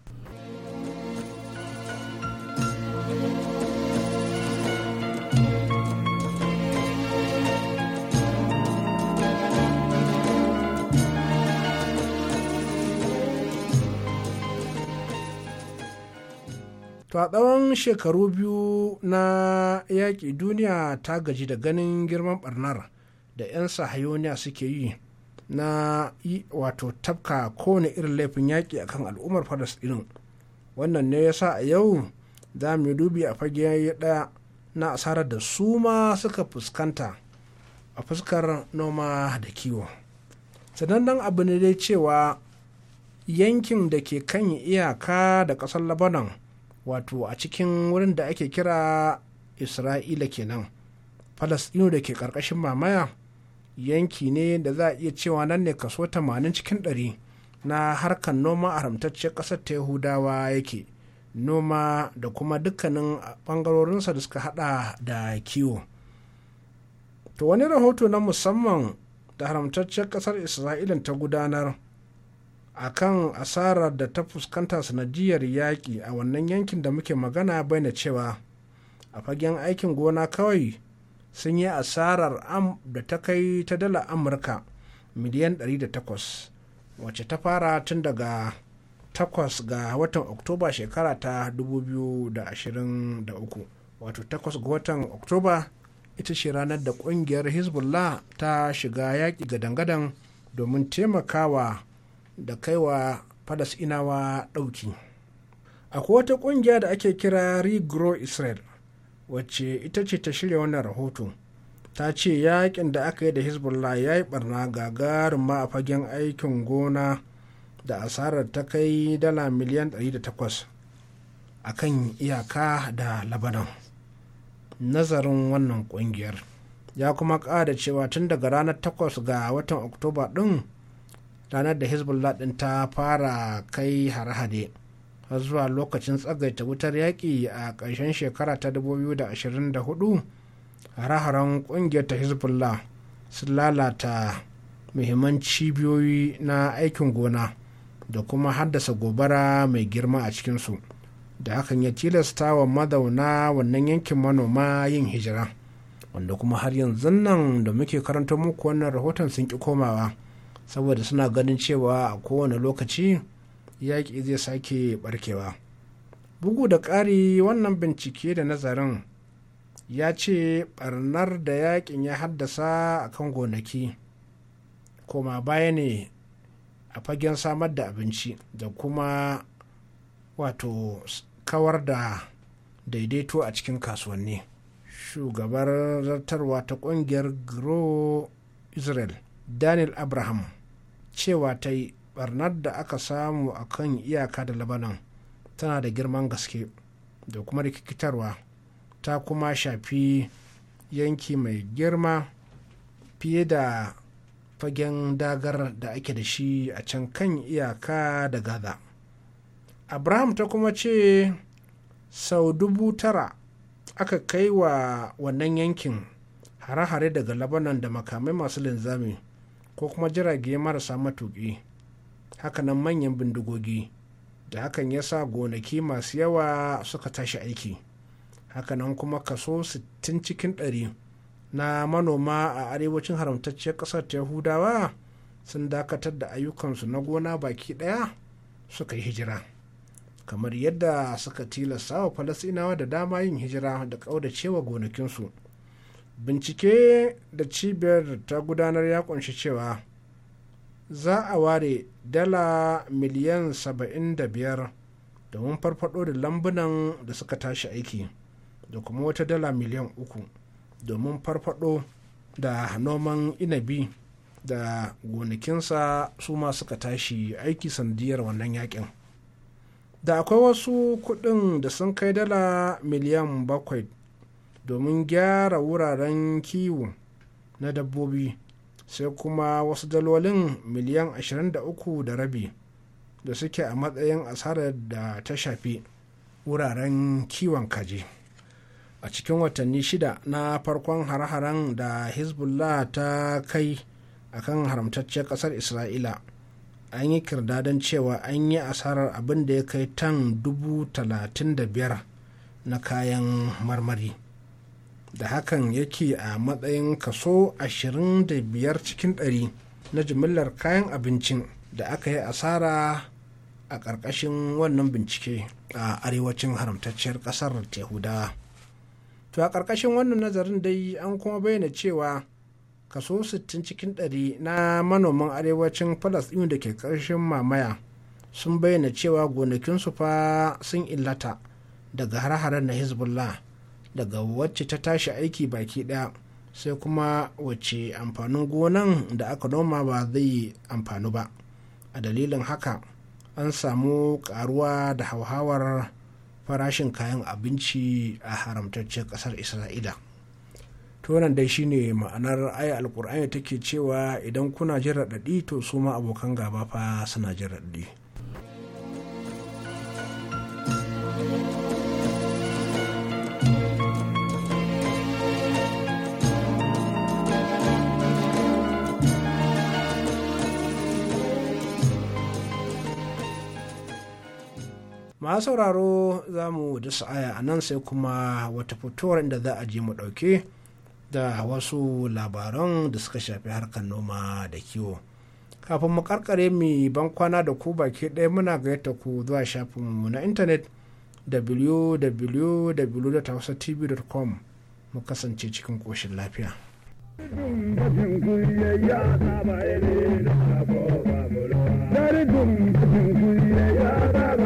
to a tsawon shekaru biyu na yaƙi duniya ta gaji da ganin girman barnar da 'yan sahayoniya suke yi na yi wato tafka kowane irin laifin yaƙi akan al'ummar falasɗinin wannan ne yasa a yau za mu dubi a fage ɗaya na asarar da su ma suka fuskanta a fuskar noma da kiwo sanannen abu ne dai cewa yankin da ke kan iyaka da ƙasar labanan wato a cikin wurin da ake kira isra'ila kenan falasɗinu da ke ƙarƙashin mamaya yanki ne da za a iya cewa nan ne kaso 80 cikin 100 na harkar noma a haramtacciyar ƙasar ta yahudawa yake noma da kuma dukkanin bangarorinsa da suka hada da kiwo to wani rahoto na musamman da haramtaccen ƙasar isra'ilin ta gudanar a kan asarar da ta fuskanta sanadiyar yaƙi a wannan yankin da muke magana baina cewa a fagen aikin gona kawai sun yi asarar am da ta kai ta dala amurka miliyan 108 wacce ta fara tun daga 8 ga watan oktoba shekara ta 2023 wato 8 ga watan oktoba ita ce ranar da kungiyar hezbollah ta shiga yaƙi gadan-gadan domin taimakawa da kaiwa inawa ɗauki akwai wata ƙungiya da ake kira regrow israel wacce ita ce ta shirya wannan rahoto ta ce yakin da aka yi da hezbollah ya yi barna ma a fagen aikin gona da asarar ta kai dala miliyan 108 a kan iyaka da labanan nazarin wannan kungiyar ya kuma kada cewa tun daga ranar 8 ga watan oktoba ɗin ranar da hezbollah din ta fara kai hare-hare har zuwa lokacin tsagaita wutar yaƙi a ƙarshen shekara ta 2024 hare-haren ƙungiyar ta hezbollah sun lalata muhimman cibiyoyi na aikin gona da kuma haddasa gobara mai girma a cikinsu da hakan ya tilasta wa mazauna wannan yankin manoma yin hijira wanda kuma har yanzu nan da muke karanta muku wannan rahoton sun ki komawa saboda suna ganin cewa a kowane lokaci yaƙi zai sake barkewa bugu da ƙari wannan bincike da nazarin ya ce ɓarnar da yaƙin ya haddasa a kan gonaki koma baya ne a fagen samar da abinci da kuma wato kawar da daidaito a cikin kasuwanni shugabar zartarwa ta kungiyar gro israel daniel abraham cewa ta yi barnar da aka samu a kan iyaka da labanan tana da girman gaske da kuma rikitarwa ta kuma shafi yanki mai girma fiye da fagen dagar da ake da shi a can kan iyaka da gaza abraham ta kuma ce sau dubu tara aka kai wa wannan yankin hare-hare daga labanan da makamai masu linzami ko kuma jirage marasa matuƙi hakanan manyan bindigogi da hakan ya sa gonaki masu yawa suka tashi aiki hakanan kuma kaso 60 cikin 100 na manoma a arewacin haramtacciyar ƙasar ta yahudawa sun dakatar da ayyukansu na gona baki ɗaya suka yi hijira kamar yadda suka tilasta wa falasinawa da dama yin hijira da ƙaudacewa gonakinsu bincike da cibiyar ta gudanar ya kunshi cewa za a ware dala miliyan 75 domin farfado da lambunan da suka tashi aiki da kuma wata dala miliyan 3 domin farfado da noman inabi da gonakinsa su ma suka tashi aiki sandiyar wannan yakin da akwai wasu kudin da sun kai dala miliyan bakwai domin gyara wuraren kiwo na dabbobi sai kuma wasu dalolin miliyan 23 da rabi da suke a matsayin asarar da ta shafi wuraren kiwon kaji a cikin watanni shida na farkon har-haren da hezbollah ta kai a kan haramtaccen kasar isra'ila an yi kirdadan cewa an yi asarar abin da ya kai tan dubu na kayan marmari da hakan yake a matsayin kaso 25 cikin 100 na jimillar kayan abincin da aka yi asara a ƙarƙashin wannan bincike a arewacin haramtacciyar ƙasar tehuda to a ƙarƙashin wannan nazarin dai an kuma bayyana cewa kaso 60 cikin 100 na manoman arewacin falasɗinu da ke ƙarshen mamaya sun bayyana cewa gonakinsu fa sun illata daga har-haren na hezbollah daga wacce ta tashi aiki baki ɗaya sai kuma wacce amfanin gonan da aka noma ba zai yi amfani ba a dalilin haka an samu karuwa da hauhawar farashin kayan abinci a haramtaccen ƙasar isra'ila tonan dai shine ma'anar aya alkur'ani take cewa idan kuna jin raɗaɗi to su ma abokan gaba fa suna jin raɗaɗi ma sauraro za mu da sa'aya a nan sai kuma wata fitowar inda za a je mu ɗauke da wasu labaran da suka shafi harkar noma da kiwo kafin mu karkare mu ban kwana da ku baki ɗaya muna gayyata ku zuwa shafin mu na intanet www.hausatv.com mu kasance cikin koshin lafiya. Dari dum ya